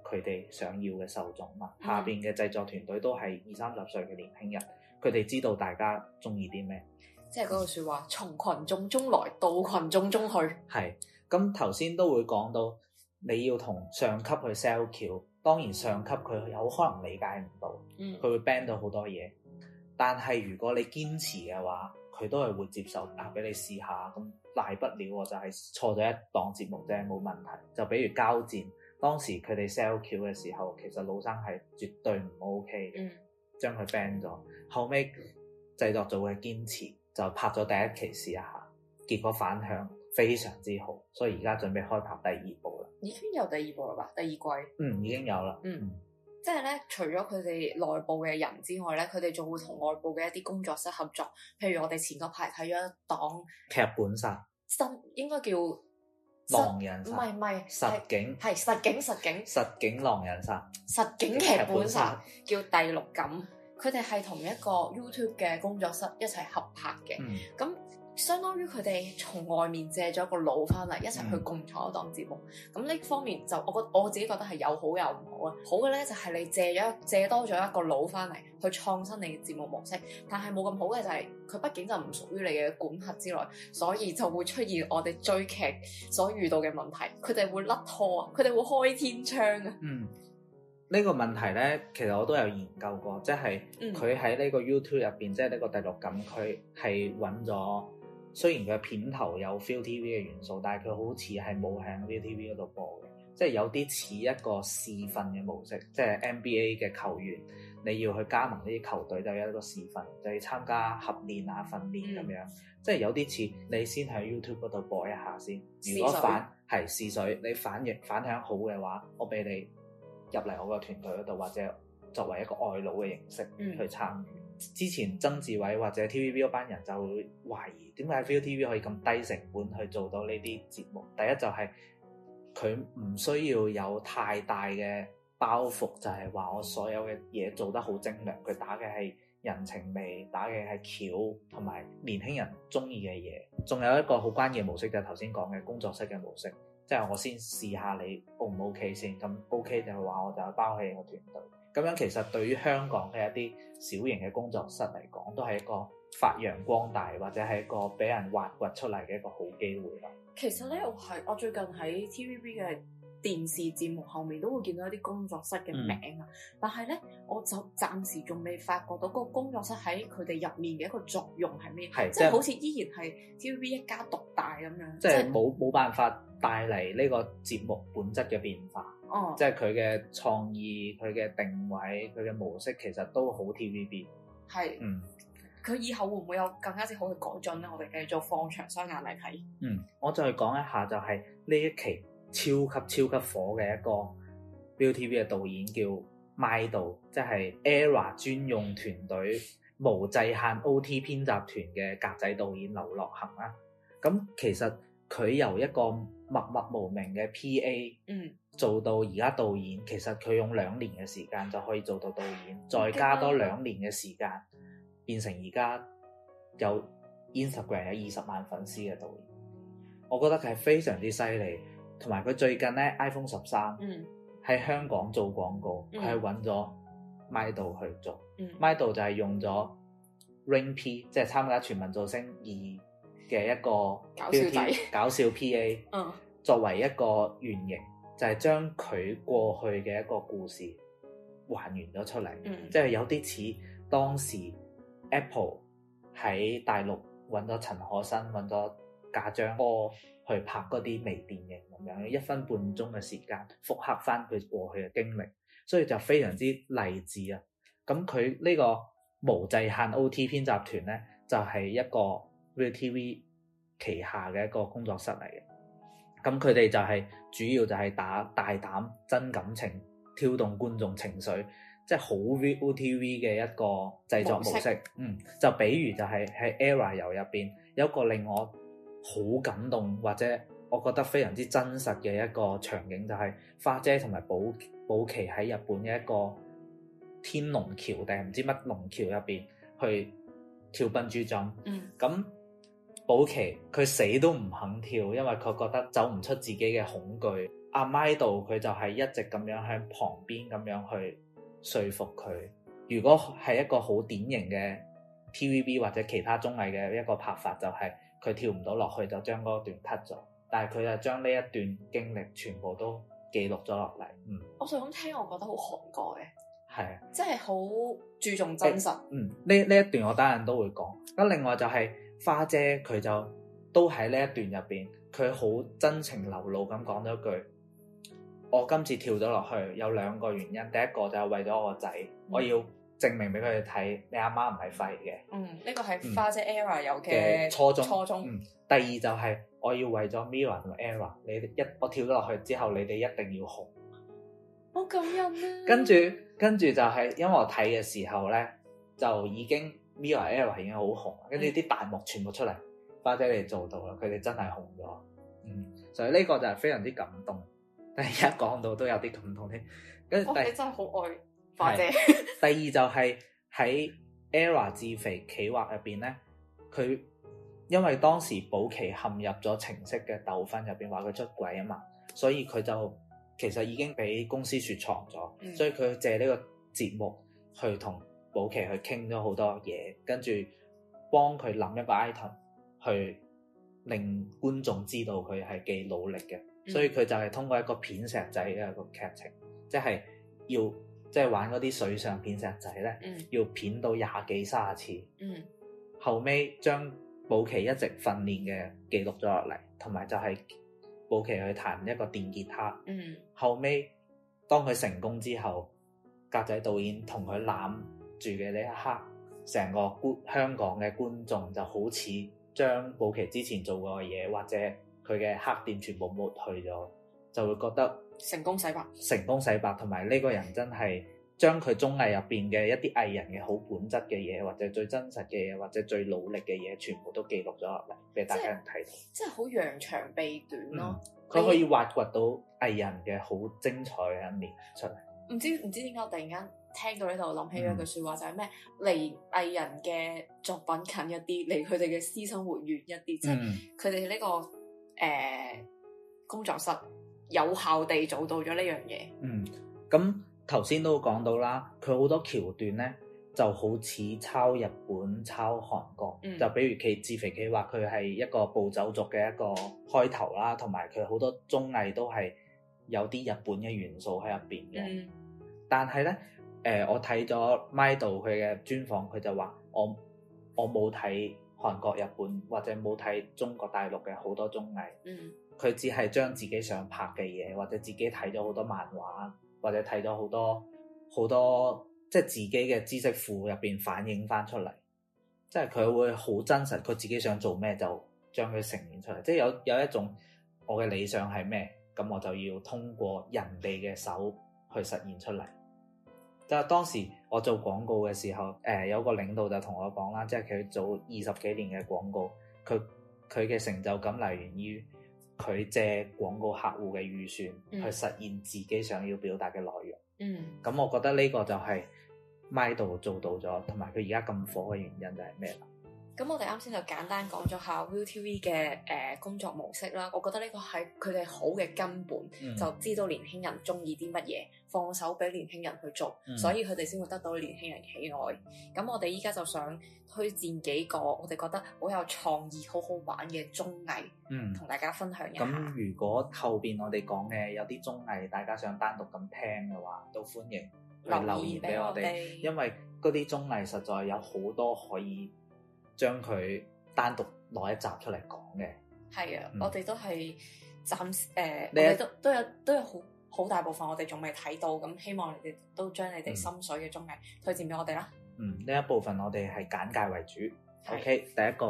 S1: 佢哋想要嘅受眾嘛。下邊嘅製作團隊都係二三十歲嘅年輕人，佢哋知道大家中意啲咩。
S2: 即係嗰句説話：從群眾中，中
S1: 來，到群眾中，中去。係，咁頭先都會講到你要同上級去 sell 橋，當然上級佢有可能理解唔到，佢、嗯、會 ban 到好多嘢。但係如果你堅持嘅話，佢都係會接受，打俾你試下，咁大不了了，就係錯咗一檔節目啫，冇問題。就比如《膠戰》，當時佢哋 sell 橋嘅時候，其實老生係絕對唔 OK 嘅，將佢 ban 咗。後尾製作組嘅堅持，就拍咗第一期試一下，結果反響非常之好，所以而家準備開拍第二部啦。
S2: 已經有第二部啦，第二季。嗯，已經有啦。嗯。嗯。即係咧，除咗佢哋內部嘅人之外咧，佢哋仲會同外部嘅一啲工作室合作。譬如我哋前嗰排睇咗一檔劇本殺，真應該叫狼人殺，唔係唔係，實景，係實景實景
S1: 實景狼人殺，
S2: 實景劇本殺，劇本殺叫第六感，佢哋係同一個 YouTube 嘅工作室一齊合拍嘅，咁、嗯。相當於佢哋從外面借咗個腦翻嚟，一齊去共一檔節目。咁呢、嗯、方面就我覺我自己覺得係有好有唔好啊。好嘅咧就係、是、你借咗借多咗一個腦翻嚟去創新你嘅節目模式，但係冇咁好嘅就係、是、佢畢竟就唔屬於你嘅管轄之內，所以就會出現我哋追劇所遇到嘅問題。佢哋會甩拖啊，佢哋會開天窗啊。
S1: 嗯，呢、這個問題咧，其實我都有研究過，即係佢喺呢個 YouTube 入邊，嗯、即係呢個第六感區，佢係揾咗。雖然佢片頭有 ViuTV 嘅元素，但係佢好似係冇喺 ViuTV 嗰度播嘅，即係有啲似一個試訓嘅模式。即係 NBA 嘅球員，你要去加盟呢啲球隊，就有一個試訓，就要參加合練啊、訓練咁樣。嗯、即係有啲似你先喺 YouTube 嗰度播一下先。如果反係試水，試水，你反應反響好嘅話，我俾你入嚟我個團隊嗰度，或者作為一個外勞嘅形式去參與。嗯之前曾志偉或者 TVB 嗰班人就會懷疑點解 ViuTV 可以咁低成本去做到呢啲節目？第一就係佢唔需要有太大嘅包袱，就係話我所有嘅嘢做得好精良。佢打嘅係人情味，打嘅係橋，同埋年輕人中意嘅嘢。仲有一個好關鍵模式就係頭先講嘅工作室嘅模式，即係我先試下你 O 唔 O K 先，咁 O K 就話我就要包起個團隊。咁樣其實對於香港嘅一啲小型嘅工作室嚟講，都係一個發揚光大，或者係一個俾人挖掘出嚟嘅一個好機會咯。
S2: 其實咧，我係我最近喺 TVB 嘅電視節目後面都會見到一啲工作室嘅名啊，嗯、但係咧，我就暫時仲未發覺到個工作室喺佢哋入面嘅一個作用係咩，即係係，好似依然係 TVB 一家獨大咁樣，即係
S1: 冇冇辦法帶嚟呢個節目本質嘅變化。哦，即係佢嘅創意、佢嘅定位、佢嘅模式，其實都好 T.V.B.
S2: 係。嗯，佢以後會唔會有更加之好嘅改進咧？我哋繼續放長雙眼嚟睇。嗯，
S1: 我再講一下就係、是、呢一期超級超級火嘅一個 ViuTV 嘅導演叫麥道即係 Error 專用團隊無制限 O.T. 編集團嘅格仔導演劉樂恒。啊。咁其實佢由一個默默無名嘅 P.A. 嗯。嗯做到而家導演，其實佢用兩年嘅時間就可以做到導演， 再加多兩年嘅時間變成而家有 Instagram 有二十萬粉絲嘅導演。我覺得佢係非常之犀利，同埋佢最近咧 iPhone 十三喺香港做廣告，佢係揾咗 Mido 去做、嗯、Mido 就係用咗 Ring P 即係參加全民造星二嘅一個搞笑仔 Beauty, 搞笑 PA 作為一個原型。就係將佢過去嘅一個故事還原咗出嚟，即係、嗯、有啲似當時 Apple 喺大陸揾咗陳可辛揾咗賈樟柯去拍嗰啲微電影咁樣，一分半鐘嘅時間復刻翻佢過去嘅經歷，所以就非常之勵志啊！咁佢呢個無制限 OT 編集團咧，就係、是、一個 ViuTV 旗下嘅一個工作室嚟嘅。咁佢哋就係、是、主要就係打大膽真感情，挑動觀眾情緒，即係好 ViuTV 嘅一個製作模式。模式，嗯，就比如就係喺、《Error 遊》入邊有一個令我好感動或者我覺得非常之真實嘅一個場景，就係、是、花姐同埋保保錡喺日本嘅一個天龍橋定係唔知乜龍橋入邊去跳笨豬跳。嗯，咁。保錡佢死都唔肯跳，因為佢覺得走唔出自己嘅恐懼。阿麥度佢就係一直咁樣喺旁邊咁樣去說服佢。如果係一個好典型嘅 TVB 或者其他綜藝嘅一個拍法，就係、是、佢跳唔到落去就將嗰段 cut 咗。但係佢就將呢一段經歷全部都記錄咗落嚟。嗯，
S2: 我就咁聽，我覺得好韓國嘅，係啊，真係好
S1: 注重真實。欸、嗯，呢呢一,一段我等陣都會講。咁另外就係、是。花姐佢就都喺呢一段入邊，佢好真情流露咁講咗句：我今次跳咗落去有兩個原因，第一個就係為咗我個仔，嗯、我要證明俾佢哋睇，你阿媽唔係廢嘅。嗯，
S2: 呢個係花姐 Error 有嘅、嗯、初衷。初衷。嗯。
S1: 第二就係、是、我要為咗 Mirror 同 Error 你哋一我跳咗落去之後，你哋一定要紅。
S3: 好感人啊！
S1: 跟住跟住就係、是、因為我睇嘅時候咧，就已經。Mirror Error 已經好紅，跟住啲彈幕全部出嚟，花姐你做到啦，佢哋真係紅咗。嗯，所以呢個就係非常之感動。但係一講到都有啲感動添。跟住，我哋、哦、真係好愛花姐。是 第二就係、是、喺 Error、ER、自肥企劃入邊咧，佢因為當時保錡陷入咗情色嘅糾紛入邊，話佢出軌啊嘛，所以佢就其實已經俾公司雪藏咗，嗯、所以佢借呢個節目去同。保錡去傾咗好多嘢，跟住幫佢諗一個 item，去令觀眾知道佢係幾努力嘅。嗯、所以佢就係通過一個片石仔嘅一個劇情，即係要、即係、玩嗰啲水上片石仔咧，嗯、要片到廿幾卅次。嗯、後尾將保錡一直訓練嘅記錄咗落嚟，同埋就係保錡去彈一個電吉他。嗯、後尾當佢成功之後，格仔導演同佢攬。住嘅呢一刻，成個觀香港嘅觀眾就好似將保琪之前做過嘅嘢，或者佢嘅黑點全部抹去咗，就會覺得
S2: 成功洗白。
S1: 成功洗白，同埋呢個人真係將佢綜藝入邊嘅一啲藝人嘅好本質嘅嘢，或者最真實嘅嘢，或者最努力嘅嘢，全部都記錄咗落嚟俾大家人睇到。即係
S2: 好揚長避短咯、啊。佢、嗯、以可以
S1: 挖掘到藝人嘅好精彩嘅一面出嚟。
S2: 唔知唔知點解我突然間～聽到呢度諗起一句説話，就係、是、咩？離藝人嘅作品近一啲，離佢哋嘅私生活遠一啲。即係佢哋呢個誒、呃、工作室，有效地做到咗呢樣嘢。嗯，
S1: 咁頭先都講到啦，佢好多橋段咧，就好似抄日本、抄韓國。嗯、就比如佢自肥企劃，佢係一個暴走族嘅一個開頭啦，同埋佢好多綜藝都係有啲日本嘅元素喺入邊嘅。嗯、但係咧。誒、呃，我睇咗 Mydo 佢嘅專訪，佢就話，我我冇睇韓國、日本或者冇睇中國大陸嘅好多綜藝，佢、嗯、只係將自己想拍嘅嘢，或者自己睇咗好多漫畫，或者睇咗好多好多，多即係自己嘅知識庫入邊反映翻出嚟，即係佢會好真實。佢自己想做咩就將佢呈現出嚟，即係有有一種我嘅理想係咩，咁我就要通過人哋嘅手去實現出嚟。就係當時我做廣告嘅時候，誒、呃、有個領導就同我講啦，即係佢做二十幾年嘅廣告，佢佢嘅成就感嚟源於佢借廣告客戶嘅預算去實現自己想要表達嘅內容。嗯，咁、嗯、我覺得呢個就係 Mydo 做到咗，同埋佢而家咁火嘅原因就係咩啦？
S2: 咁我哋啱先就簡單講咗下 ViuTV 嘅誒、呃、工作模式啦，我覺得呢個係佢哋好嘅根本，嗯、就知道年輕人中意啲乜嘢，放手俾年輕人去做，嗯、所以佢哋先會得到年輕人喜愛。咁我哋依家就想推薦幾個我哋覺得好有創意、好好玩嘅綜藝，同、嗯、大家分享一下。咁、嗯、
S1: 如果後邊我哋講嘅有啲綜藝，大家想單獨咁聽嘅話，都歡迎嚟留言俾我哋，因為啲綜藝實在有好多可以。將佢單獨攞一集出嚟講嘅，
S2: 係啊的，嗯、我哋都係暫時誒，你哋、呃、一都都有都有好好大部分我哋仲未睇到，咁希望你哋都將你哋心水嘅綜藝推薦俾我哋啦。
S1: 嗯，呢、嗯、一部分我哋係簡介為主。的 OK，第一個，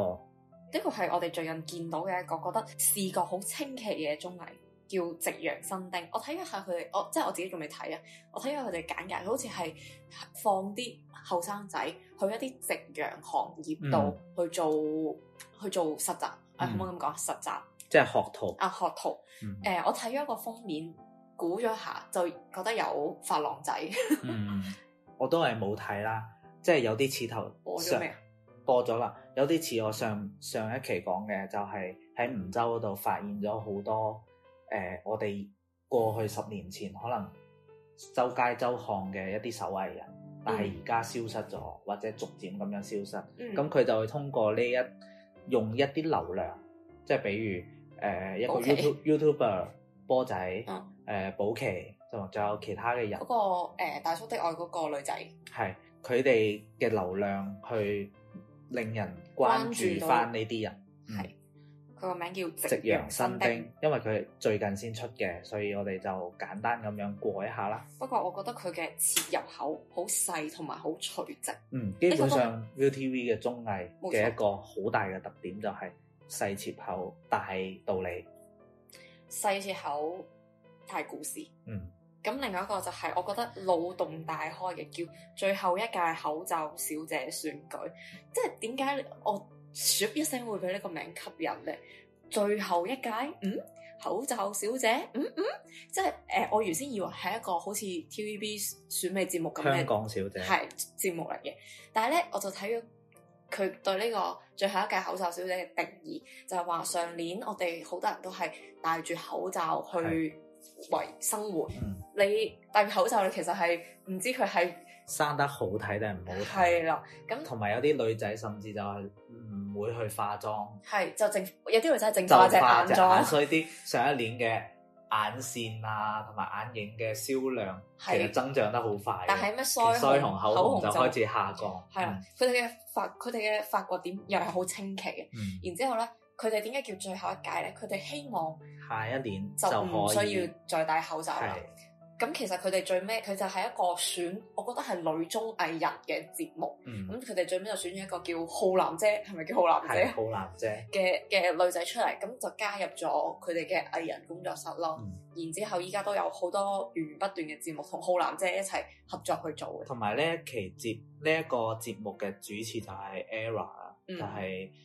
S2: 呢個係我哋最近見到嘅一個覺得視覺好清奇嘅綜藝。叫夕陽新丁，我睇一下佢哋。我即係我自己仲未睇啊。我睇一下佢哋簡介，好似係放啲後生仔去一啲夕陽行業度去做、嗯、去做實習。嗯、可唔可以咁講實習？
S1: 即係學徒啊，學徒。
S2: 誒、嗯呃，我睇咗一個封面，估咗下就覺得有髮廊仔。
S1: 嗯、 我都係冇睇啦，即係有啲似頭播咗咩？播咗啦，有啲似我上上一期講嘅，就係喺梧州嗰度發現咗好多。誒、呃，我哋過去十年前可能周街周巷嘅一啲手藝人，但係而家消失咗，嗯、或者逐漸咁樣消失。咁佢、嗯、就會通過呢一用一啲流量，即係比如誒、呃、一個 YouTuber 波仔，誒寶琪，同埋仲有其他嘅人。
S2: 嗰、那個誒、呃、大叔的愛嗰個女仔，
S1: 係佢哋嘅流量去令人關注翻呢啲人，係、嗯。
S2: 個名叫《夕陽新丁》，
S1: 因為佢最近先出嘅，所以我哋就簡單咁樣過一下啦。
S2: 不過我覺得佢嘅切入口好細，同埋好垂直。嗯，
S1: 基本上 ViuTV 嘅綜藝嘅一個好大嘅特點就係細切口，大道理。
S2: 細切口，大故事。嗯。咁另外一個就係，我覺得腦洞大開嘅叫《最後一屆口罩小姐選舉》，即係點解我？咻一聲會俾呢個名吸引咧，最後一屆嗯口罩小姐嗯嗯，即係誒、呃、我原先以為係一個好似 TVB 選美節目咁嘅香港小姐係節目嚟嘅，但係咧我就睇咗佢對呢個最後一屆口罩小姐嘅定義，就係話上年我哋好多人都係戴住口罩去為是生活，嗯、你戴住口罩你其實係唔知佢係。
S1: 生得好睇定係唔好睇？
S2: 係啦，咁
S1: 同埋有啲女仔甚至就係唔會去化妝。
S2: 係，就淨有啲女仔淨化隻眼妝。所
S1: 以啲上一年嘅眼線啊，同埋眼影嘅銷量其實增長得好快。但係
S2: 咩腮紅口紅就開始
S1: 下降。係
S2: 啦，佢哋嘅法佢哋嘅發覺點又係好清奇嘅。然之後咧，佢哋點解叫最後一屆咧？佢哋希望
S1: 下一年就唔需要
S2: 再戴口罩啦。咁其實佢哋最尾佢就係一個選，我覺得係女中藝人嘅節目。咁佢哋最尾就選咗一個叫浩南姐，係咪叫浩南姐？浩南姐嘅嘅女仔出嚟，咁就加入咗佢哋嘅藝人工作室咯。嗯、然之後依家都有好多源源不斷嘅節目同浩南姐一齊合作去做嘅。同埋呢一
S1: 期節呢一個節目嘅主持就係 Ella、嗯、就係、是。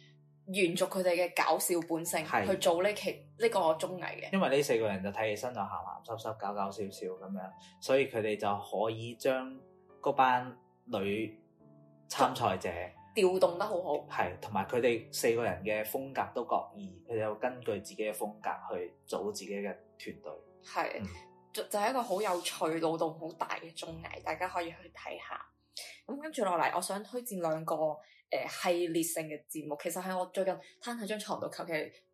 S2: 延續佢哋嘅搞笑本性係去做呢期呢個綜藝嘅，因
S1: 為呢四個人就睇起身就咸咸濕濕、搞搞笑笑咁樣，所以佢哋就可以將嗰班女參賽者
S2: 調動得好好，
S1: 係同埋佢哋四個人嘅風格都各異，佢哋有根據
S2: 自己嘅風格去組自己嘅團隊，係係、嗯、就就係一個好有趣、腦洞好大嘅綜藝，大家可以去睇下。咁跟住落嚟，我想推薦兩個。誒，系列性嘅節目，其實係我最近攤喺張床度，求其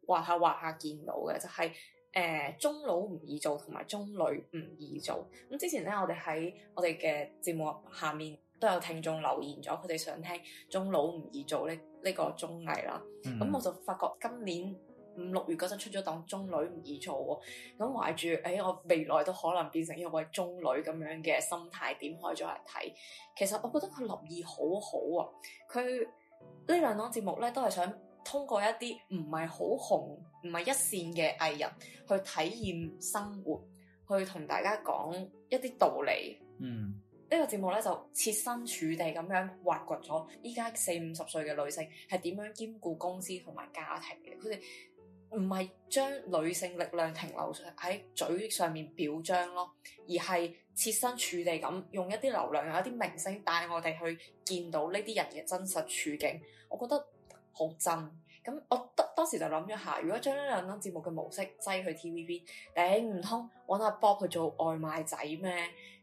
S2: 畫下畫下見到嘅，就係誒，中佬唔易做同埋中女唔易做。咁之前咧，我哋喺我哋嘅節目下面都有聽眾留言咗，佢哋想聽中佬唔易做呢呢個綜藝啦。咁、嗯嗯、我就發覺今年，五六月嗰陣出咗檔《中女唔易做，哦》咁，懷住誒、哎、我未來都可能變成一位中女咁樣嘅心態，點開咗嚟睇。其實我覺得佢立意好好、哦、啊！佢呢兩檔節目咧，都係想通過一啲唔係好紅、唔係一線嘅藝人，去體驗生活，去同大家講一啲道理。嗯，呢個節目咧就設身處地咁樣挖掘咗依家四五十歲嘅女性係點樣兼顧公司同埋家庭嘅，佢哋。唔係將女性力量停留喺嘴上面表彰咯，而係設身處地咁用一啲流量，有一啲明星帶我哋去見到呢啲人嘅真實處境，我覺得好真。咁我當當時就諗咗下，如果將呢兩單節目嘅模式擠去 TVB，頂唔通揾阿 Bob 去做外賣仔咩？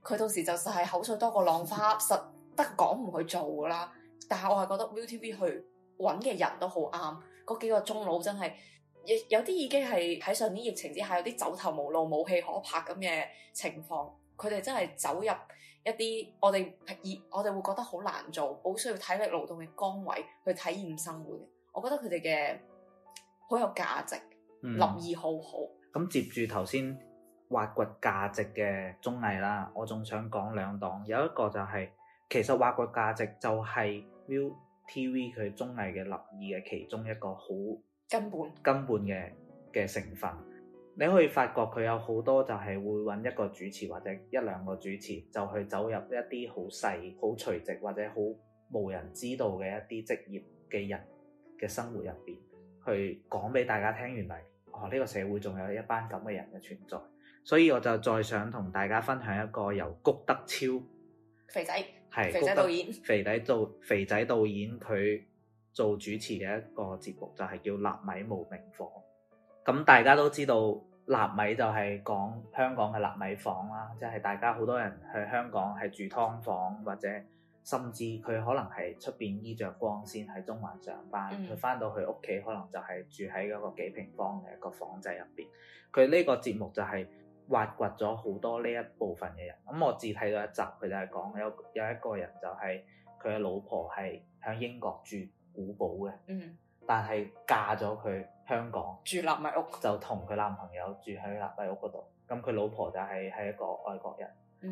S2: 佢到時就實係口水多過浪花，實得講唔去做噶啦。但係我係覺得 ViuTV 去揾嘅人都好啱，嗰幾個中老真係。有啲已經係喺上年疫情之下，有啲走投無路、冇戲可拍咁嘅情況，佢哋真係走入一啲我哋熱，我哋會覺得好難做、好需要體力勞動嘅崗位去體驗生活嘅。我覺得佢哋嘅好有價值，
S1: 嗯、立意好好。咁、嗯、接住頭先挖掘價值嘅綜藝啦，我仲想講兩檔，有一個就係、是、其實挖掘價值就係 ViuTV 佢綜藝嘅立意嘅其中一個好。根本根本嘅嘅成分，你可以發覺佢有好多就係會揾一個主持或者一兩個主持，就去走入一啲好細、好垂直或者好無人知道嘅一啲職業嘅人嘅生活入邊，去講俾大家聽，原嚟哦呢個社會仲有一班咁嘅人嘅存在，所以我就再想同大家分享一個由谷德超
S2: 肥仔係肥仔導演，
S1: 肥仔導肥仔導演佢做主持嘅一個節目就係、是、叫《臘米無名房》，咁、嗯、大家都知道臘米就係講香港嘅臘米房啦，即、就、係、是、大家好多人去香港係住劏房，或者甚至佢可能係出邊衣着光鮮喺中環上班，佢翻、嗯、到去屋企可能就係住喺嗰個幾平方嘅一個房仔入邊。佢呢個節目就係挖掘咗好多呢一部分嘅人。咁我只睇到一集，佢就係講有有一個人就係佢嘅老婆係喺英國住。古堡嘅，
S3: 嗯，
S1: 但係嫁咗去香港住納米屋，就同佢男朋友住喺納米屋嗰度。咁佢老婆就係係一個外國人，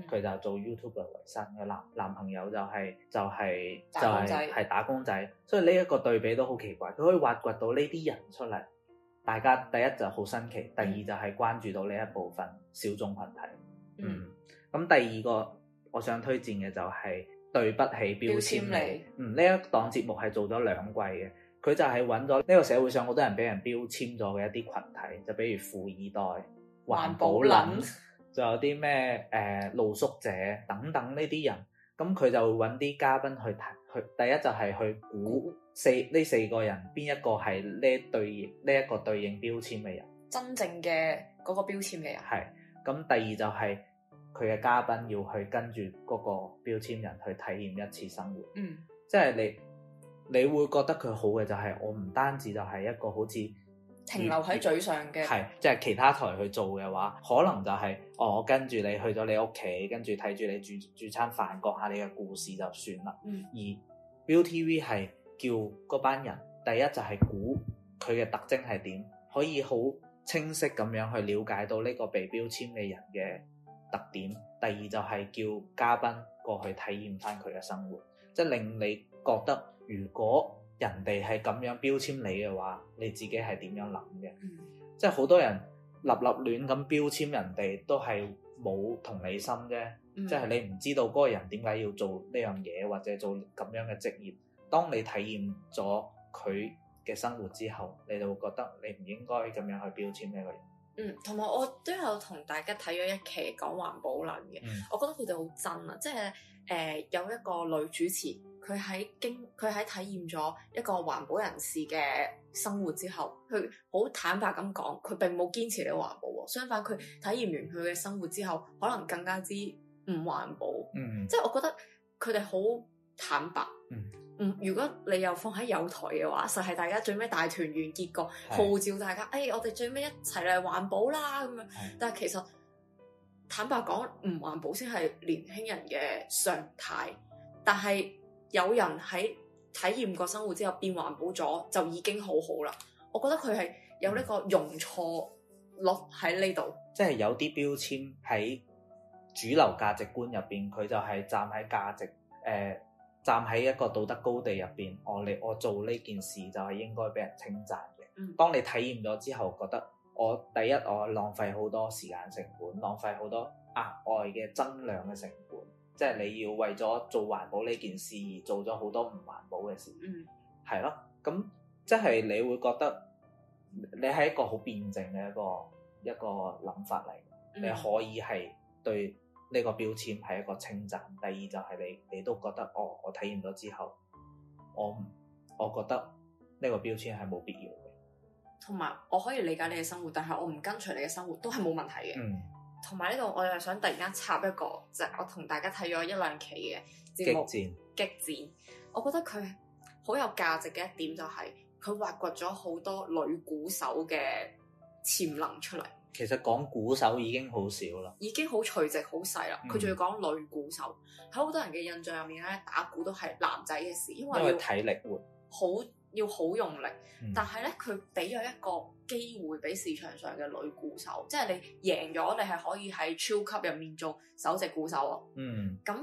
S1: 佢、嗯、就做 YouTube 嘅為生嘅男男朋友就係、係、就係、係、就係係打工仔，所以呢一個對比都好奇怪。佢可以挖掘到呢啲人出嚟，大家第一就好新奇，第二就係關注到呢一部分小眾群體。嗯，咁、嗯、第二個我想推薦嘅就係、係。對不起標籤妳，嗯，呢一檔節目係做咗兩季嘅，佢就係揾咗呢個社會上好多人俾人標籤咗嘅一啲群體，就比如富二代、環保能，仲 有啲咩誒露宿者等等呢啲人，咁佢就揾啲嘉賓去睇，去第一就係去估四呢四個人邊一個係呢對呢一個對應標籤嘅人，
S2: 真正嘅嗰、那個標籤嘅人，
S1: 係咁第二就係、是。佢嘅嘉賓要去跟住嗰個標籤人去體驗一次生活，嗯，即係你你會覺得佢好嘅就係、是、我唔單止就係一個好似停留喺嘴上嘅，係即係其他台去做嘅話，可能就係、是嗯、哦，我跟住你去咗你屋企，跟住睇住你住煮餐飯，講下你嘅故事就算啦。嗯、而 ViuTV 係叫嗰班人第一就係估佢嘅特徵係點，可以好清晰咁樣去了解到呢個被標籤嘅人嘅。特點，第二就係叫嘉賓過去體驗翻佢嘅生活，即係令你覺得，如果人哋係咁樣標籤你嘅話，你自己係點樣諗嘅？嗯、即係好多人立立亂咁標籤人哋，都係冇同理心啫。嗯、即係你唔知道嗰個人點解要做呢樣嘢，或者做咁樣嘅職業。當你體驗咗佢嘅生活之後，你就會覺得你唔應該咁樣去標籤呢個人。
S2: 嗯，同埋我都有同大家睇咗一期講環保論嘅，嗯、我覺得佢哋好真啊，即係誒、呃、有一個女主持，佢喺經佢喺體驗咗一個環保人士嘅生活之後，佢好坦白咁講，佢並冇堅持你環保喎、啊。相反，佢體驗完佢嘅生活之後，可能更加之唔環保。嗯、嗯，即係我覺得佢哋好坦白。嗯。如果你又放喺友台嘅話，就係大家最尾大團圓結局，的號召大家，誒、哎，我哋最尾一齊嚟環保啦咁樣。的但係其實坦白講，唔環保先係年輕人嘅常態。但係有人喺體驗過生活之後變環保咗，就已經好好啦。我覺得佢係有呢個容錯落喺呢度，
S1: 即係有啲標籤喺主流價值觀入邊，佢就係站喺價值誒。呃站喺一個道德高地入邊，我嚟我做呢件事就係應該俾人稱讚嘅。當你體驗咗之後，覺得我第一我浪費好多時間成本，浪費好多額外嘅增量嘅成本，即係你要為咗做環保呢件事而做咗好多唔環保嘅事，係咯。嗯。咁即係你會覺得你係一個好辯證嘅一個一個諗法嚟，你可以係對。嗯呢個標籤係一個稱讚，第二就係你，你都覺得哦，我體驗咗之後，我我覺得呢個標籤係冇必要嘅。
S2: 同埋我可以理解你嘅生活，但係我唔跟隨你嘅生活都係冇問題嘅。嗯。同埋呢度我又想突然間插一個，就係我同大家睇咗一兩期嘅節目，膠戰。膠戰，我覺得佢好有價值嘅一點就係佢挖掘咗好多女鼓手嘅潛能出嚟。
S1: 其實講鼓手已經好少啦，
S2: 已經好垂直好細啦。佢仲要講女鼓手，喺好多人嘅印象入面咧，打鼓都係男仔嘅事，因為要體力活，好要好用力。但係咧，佢俾咗一個機會俾市場上嘅女鼓手，即係你贏咗，你係可以喺超級入面做首席鼓手咯。嗯，咁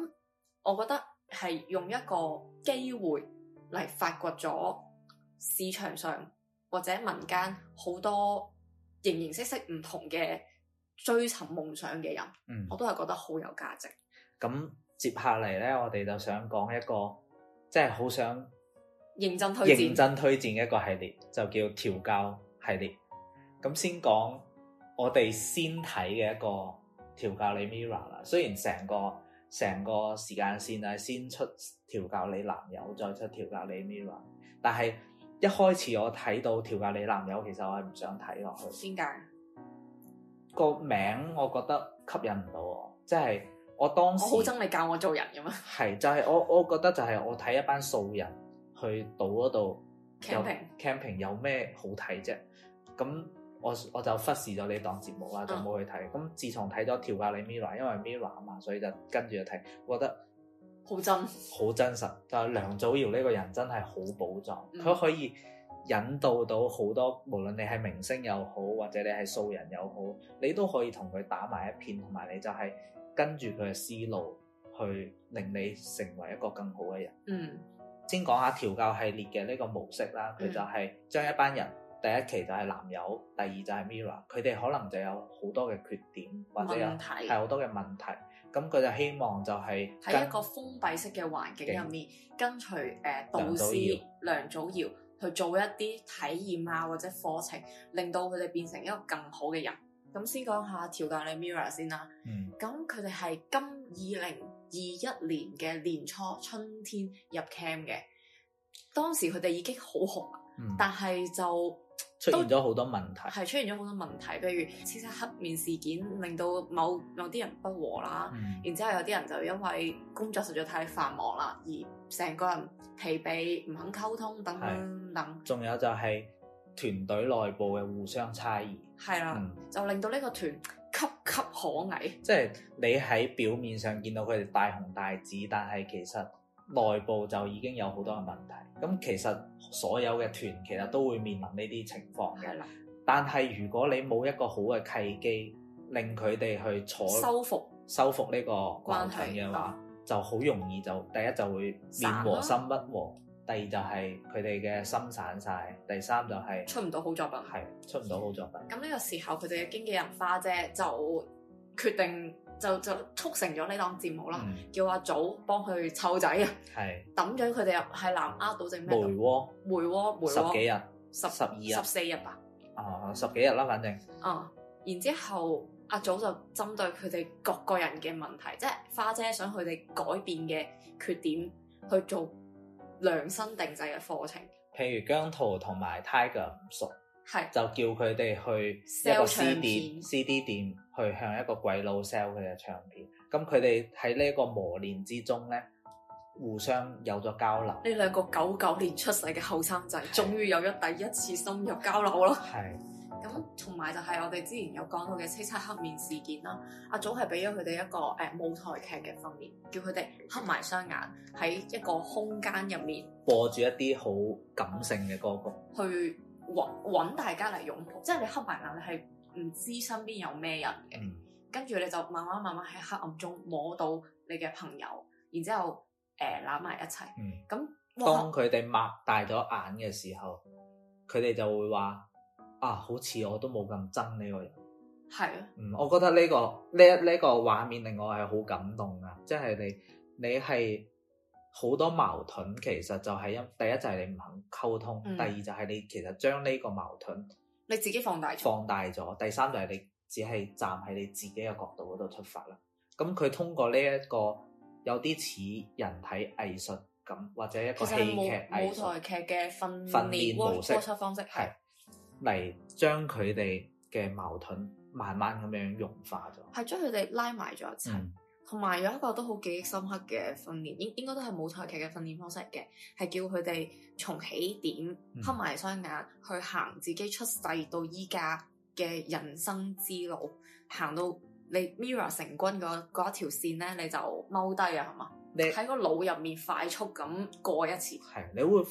S2: 我覺得係用一個機會嚟發掘咗市場上或者民間好多。形形色色唔同嘅追尋夢想嘅人，嗯、我都係覺得好有價值。
S1: 咁、嗯、接下嚟咧，我哋就想講一個即係好想
S2: 認真推薦、認真
S1: 推薦一個系列，就叫調教系列。咁先講我哋先睇嘅一個調教你 MIRROR 啦。雖然成個成個時間線啊，先出調教你男友，再出調教你 MIRROR，但係。一開始我睇到調教你男友，其實我係唔想睇落去。點解？個名我覺得吸引唔到我，即係我當時，好憎你教我做人咁樣？係就係我，我覺得就係我睇一班素人去島嗰度
S2: camping
S1: camping 有咩好睇啫？咁我我就忽視咗你檔節目啦，就冇去睇。咁自從睇咗調教你 Mirror 因為 Mirror 啊嘛，所以就跟住就睇，我覺得。好真，好真實。但係、就是、梁祖堯呢個人真係好寶藏，佢、嗯、可以引導到好多，無論你係明星又好，或者你係素人又好，你都可以同佢打埋一片，同埋你就係跟住佢嘅思路去令你成為一個更好嘅人。嗯，先講下調教系列嘅呢個模式啦，佢就係將一班人，第一期就係男友，第二就係 mirror。佢哋可能就有好多嘅缺點，或者有係好多嘅問題。咁佢就希望就係喺一個
S2: 封閉式嘅環境入面，近跟隨誒、呃、導師梁祖堯去做一啲體驗啊，或者課程，令到佢哋變成一個更好嘅人。咁先講下調教你 Mirror 先啦。咁佢哋係今二零二一年嘅年初春天入 Camp 嘅，當時佢哋已經好紅啦，嗯、但係就，出現
S1: 咗好多問題，
S2: 係出現咗好多問題，譬如先生黑面事件，令到某某啲人不和啦。嗯、然之後有啲人就因為工作實在太繁忙啦，而成個人疲憊，唔肯溝通等等
S1: 仲是等有就係團隊內部嘅互相猜疑，係啦的，嗯、就令到呢個團岌岌可危。即係你喺表面上見到佢哋大紅大紫，但係其實。內部就已經有好多嘅問題，咁其實所有嘅團其實都會面臨呢啲情況嘅。吧但係如果你冇一個好嘅契機令佢哋去坐修復修復呢個關係嘅話，題就好容易就第一就會面和心不和，啊、第二就
S2: 係佢哋嘅心散晒，第三就係、是、出唔到好作品。係出唔到好作品。咁呢、嗯、個時候佢哋嘅經紀人花姐就，決定就就促成咗呢檔節目啦，嗯、叫阿祖幫佢湊仔啊，係抌咗佢哋入係南丫島整咩？梅窩梅窩梅窩，十幾日，十十二日十四日啊！
S1: 啊，十幾日啦，反正
S2: 啊、嗯，然之後阿祖就針對佢哋各個人嘅問題，即係花姐想佢哋改變嘅缺點，去做量身定制嘅課程，
S1: 譬如姜濤同埋 Tiger 唔熟，係是就叫佢哋去 sell c 店、CD 店。去向一個鬼佬 sell 佢嘅唱片，咁佢哋喺呢一個磨練之中咧，互相有咗交流。
S2: 呢兩個九九年出世嘅後生仔，是終於有咗第一次深入交流咯。係是。咁同埋就係我哋之前有講到嘅《叱咤黑面》事件啦，阿、啊、祖係俾咗佢哋一個誒、呃、舞台劇嘅訓練，叫佢哋黑埋雙眼喺一個空間入面
S1: 播住一啲好感性嘅歌曲，
S2: 去揾揾大家嚟擁抱，即係你黑埋眼，你係。唔知身邊有咩人嘅，跟住、嗯、你就慢慢慢慢喺黑暗中摸到你嘅朋友，然之後誒攬埋一齊。咁、嗯、當
S1: 佢哋擘大咗眼嘅時候，佢哋就會話：啊，好似我都冇咁憎呢個人。
S2: 係啊、嗯，
S1: 我覺得呢、呢個呢一呢個畫面令我係好感動啊。即、就、係、係、你你係好多矛盾，其實就係、係、因第一就係你唔肯溝通，嗯、第二就係你其實將呢個矛盾。你自己放大咗，放大咗。第三就係你只係站喺你自己嘅角度嗰度出發啦。咁佢通過呢、這、一個有啲似人體藝術咁，或者一個戲劇藝術舞舞台
S2: 劇嘅訓練模式方式，係
S1: 嚟將佢哋嘅矛盾慢慢咁樣融化咗，係
S2: 將佢哋拉埋咗一齊。嗯同埋有一個都好記憶深刻嘅訓練，應應該都係舞台劇嘅訓練方式嘅，係叫佢哋從起點瞌埋雙眼去行自己出世到依家嘅人生之路，行到你 MIRROR 成軍嗰嗰一條線咧，你就踎低啊，係嘛？你喺個腦入面快速咁過一次，係
S1: 你會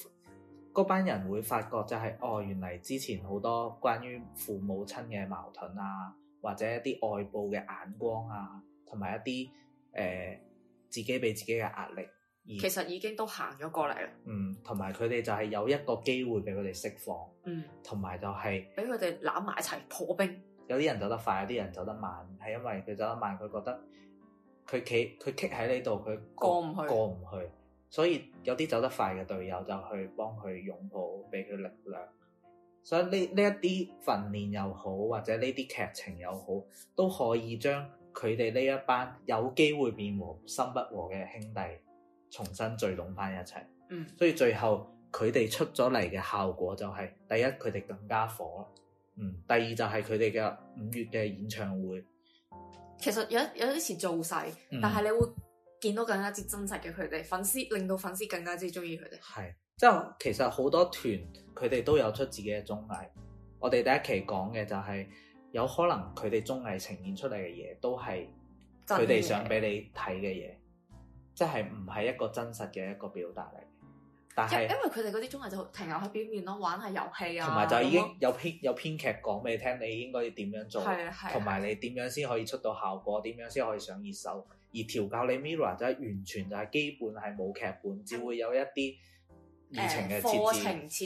S1: 嗰班人會發覺就係、是、哦，原嚟之前好多關於父母親嘅矛盾啊，或者一啲外部嘅眼光啊，同埋一啲。誒自己俾自己嘅壓力，而其實已經都行咗過嚟啦。嗯，同埋佢哋就係有一個機會俾佢哋釋放。嗯，同埋就係俾佢哋攬埋一齊破冰。有啲人走得快，有啲人走得慢，係因為佢走得慢，佢覺得佢企佢企喺呢度，佢過唔去，過唔去。所以有啲走得快嘅隊友就去幫佢擁抱，俾佢力量。所以呢呢一啲訓練又好，或者呢啲劇情又好，都可以將。佢哋呢一班有機會變面和心不和嘅兄弟，重新聚攏翻一齊。嗯，所以最後佢哋出咗嚟嘅效果就係、是，第一佢哋更加火，嗯。第二就係佢哋嘅五月嘅演唱會，
S2: 其實有有啲似造勢，嗯、但係你會見到更加之真實嘅佢哋，粉絲令到粉絲更加之中意佢哋。係，即係
S1: 其實好多團佢哋都有出自己嘅綜藝，我哋第一期講嘅就係、是。有可能佢哋綜藝呈現出嚟嘅嘢，都係佢哋想俾你睇嘅嘢，即係唔係一個真實嘅一個表達嚟。但係因為
S2: 佢哋嗰啲綜藝就停留喺表面咯，玩下遊戲啊，同埋就已經
S1: 有編麼有編劇講俾你聽，你應該要點樣做，同埋你點樣先可以出到效果，點樣先可以上熱搜。而調教你 Mirror 就係完全就係基本係冇劇本，的只會有一啲。誒課程設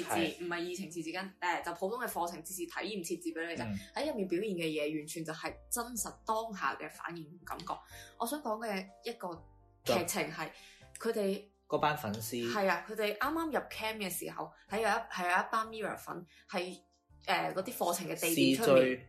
S1: 置
S2: 唔係是異程設置跟，誒就是普通嘅課程設置體驗設置俾你就，喺入、嗯、面表現嘅嘢，完全就係真實當下嘅反應感覺。我想講嘅一個劇情係佢哋
S1: 嗰班粉絲係啊，
S2: 佢哋啱啱入 camp 嘅時候，喺有一係有，有一班 mirror 粉係誒嗰啲課程嘅地點出面追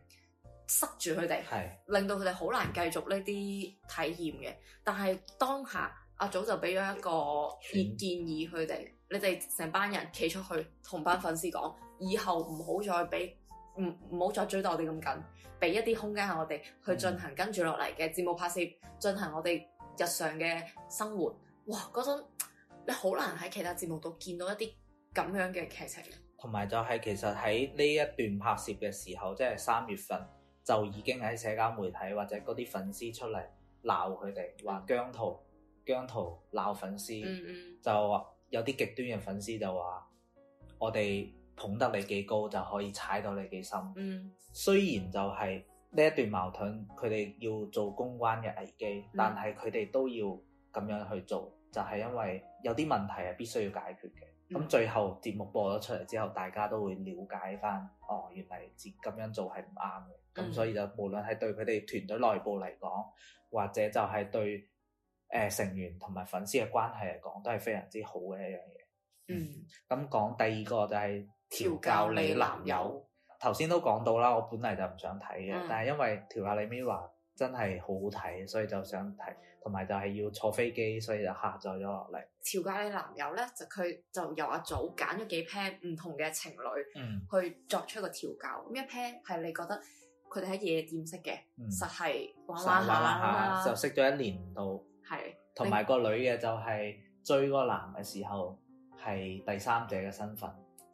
S2: 塞住佢哋，係是令到佢哋好難繼續呢啲體驗嘅。但係當下阿祖就俾咗一個建議佢哋。嗯你哋成班人企出去同班粉絲講，以後唔好再俾唔唔好再追到我哋咁緊，俾一啲空間俾我哋去進行跟住落嚟嘅節目拍攝，進、嗯、行我哋日常嘅生活。哇！嗰種你好難喺其他節目度見到一啲咁樣嘅劇情。
S1: 同埋就係其實喺呢一段拍攝嘅時候，即係三月份就已經喺社交媒體或者嗰啲粉絲出嚟鬧佢哋，話姜濤姜濤鬧粉絲，嗯、就話。有啲極端嘅粉絲就話：我哋捧得你幾高，就可以踩到你幾深。嗯，雖然就係呢一段矛盾，佢哋要做公關嘅危機，嗯、但係佢哋都要咁樣去做，就係、是、因為有啲問題係必須要解決嘅。咁、嗯、最後節目播咗出嚟之後，大家都會了解翻，哦，原嚟節咁樣做係唔啱嘅。咁、嗯、所以就無論係對佢哋團隊內部嚟講，或者就係對。誒、呃、成員同埋粉絲嘅關係嚟講，都係非常之好嘅一樣嘢。嗯，咁講、嗯、第二個就係、是、調教你男友。頭先都講到啦，我本嚟就唔想睇嘅，嗯、但係因為調教你 MIRROR 真係好好睇，所以就想睇。同埋就係要坐飛機，所以就下載咗落嚟。
S2: 調教你男友咧，就佢就由阿祖揀咗幾 pair 唔同嘅情侶，去作出一個調教。咁、嗯、一 pair 係你覺得佢哋喺夜店識嘅，嗯、實係玩玩下啦，就識
S1: 咗一年到。
S2: 係，同埋
S1: 個女嘅就係追嗰個男嘅時候係第三者嘅身份。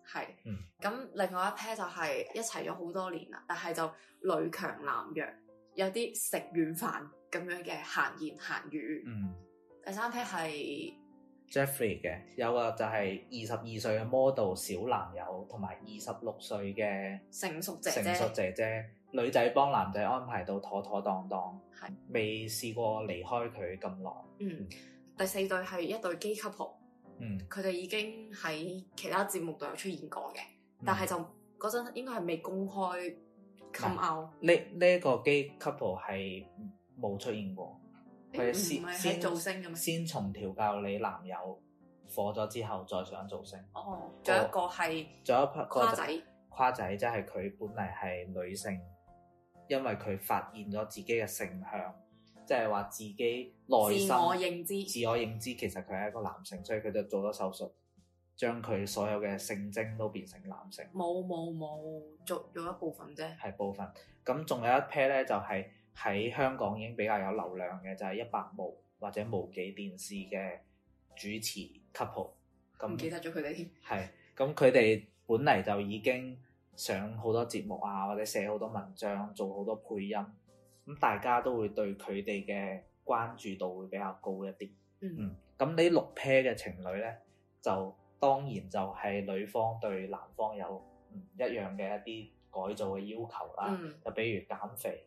S1: 係，嗯，
S2: 咁另外一 pair 就係一齊咗好多年啦，但係就女強男弱，有啲食軟飯咁樣嘅閒言閒語。嗯，第三 pair 係
S1: Jeffrey 嘅，有個就係二十二歲嘅 model 小男友，同埋二十六歲嘅
S2: 成熟姐姐。成熟
S1: 姐姐。女仔幫男仔安排到妥妥當當，係未的試過離開佢咁
S2: 耐。嗯，嗯，第四對係一對基 couple 嗯，佢哋已經喺其他節目度有出現過嘅，嗯、但係就嗰陣應該係未公開 come out，
S1: 呢呢一個基 couple 係冇出現過，
S2: 佢哋、欸、先造先做
S1: 星嘅嘛，先從調教你男友火咗之後再想造星。哦，仲有一個係仲有一個跨仔，跨仔即係佢本嚟係女性。因為佢發現咗自己嘅性向，即係話自己內心自我認知，自我認知其實佢係一個男性，所以佢就做咗手術，將佢所有嘅性徵都變成男性。
S2: 冇冇冇，做咗一部分啫。
S1: 係部分。咁仲有一 pair 咧，就係、是、喺香港已經比較有流量嘅，就係、是、一百毛或者無記電視嘅主持 couple。咁唔記得咗佢哋添。係。咁佢哋本嚟就已經，上好多節目啊，或者寫好多文章，做好多配音，咁大家都會對佢哋嘅關注度會比較高一啲。嗯，咁、嗯、呢六 pair 嘅情侶咧，就當然就係女方對男方有唔一樣嘅一啲改造嘅要求啦。就、嗯、比如減肥，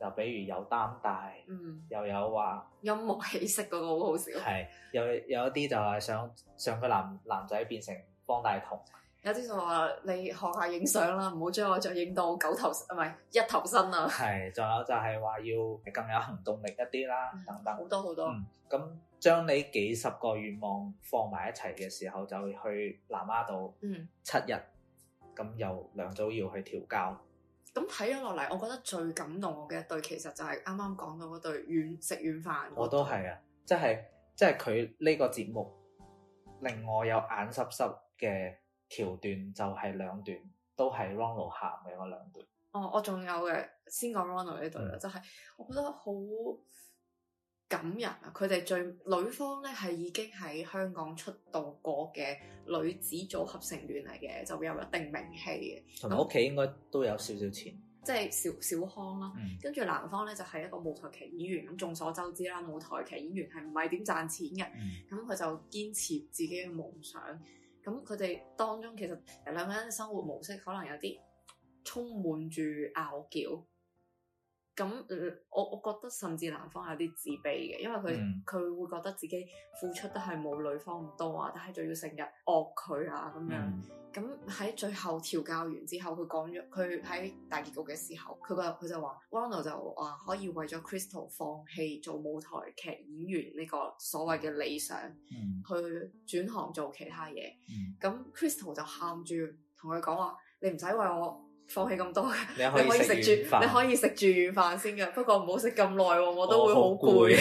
S1: 又比如有擔帶，嗯、又有話
S2: 音樂氣色，嗰個好好笑。係，有有一啲就係想想個男男仔變成方大同。有啲就話你學下影相啦，唔好將我再影到九頭，唔係一頭身啊。係，仲有就係話要更有行動力一啲啦，嗯、等等。好多好多。
S1: 咁將、嗯、你幾十個願望放埋一齊嘅時候，就去南丫島、嗯、七日，咁由梁祖耀去調教。
S2: 咁睇咗落嚟，我覺得最感動我嘅一,一對，其實就係啱啱講到嗰對遠食遠飯。我都係啊，
S1: 即係即係佢呢個節目令我有眼濕濕嘅。橋段就係兩段都係 Ronald 下嘅嗰兩段。
S2: 兩段哦，我仲有嘅，先講 Ronald 呢對啦，嗯、就係我覺得好感人啊！佢哋最女方咧係已經喺香港出道過嘅女子組合成員嚟嘅，嗯、就有一定名氣嘅。同埋屋企應
S1: 該都有少少錢，
S2: 即係、嗯、小小康啦、啊。嗯、跟住男方咧就係、是、一個舞台劇演員，咁眾所周知啦，舞台劇演員係唔係點賺錢嘅？咁佢、嗯、就堅持自己嘅夢想。咁佢哋當中其實兩個人生活模式可能有啲充滿住拗撬。咁、嗯，我我覺得甚至男方有啲自卑嘅，因為佢佢、mm. 會覺得自己付出得係冇女方咁多啊，但係仲要成日惡佢啊咁樣。咁喺、mm. 最後調教完之後，佢講咗，佢喺大結局嘅時候，佢佢就話、mm.，Ronald 就話、啊、可以為咗 Crystal 放棄做舞台劇演員呢個所謂嘅理想，mm. 去轉行做其他嘢。咁、mm. Crystal 就喊住同佢講話，你唔使為我。放棄咁多嘅，你可以食住，你可以食住完飯先㗎，哦、不過唔好食咁耐喎，我都會好攰嘅。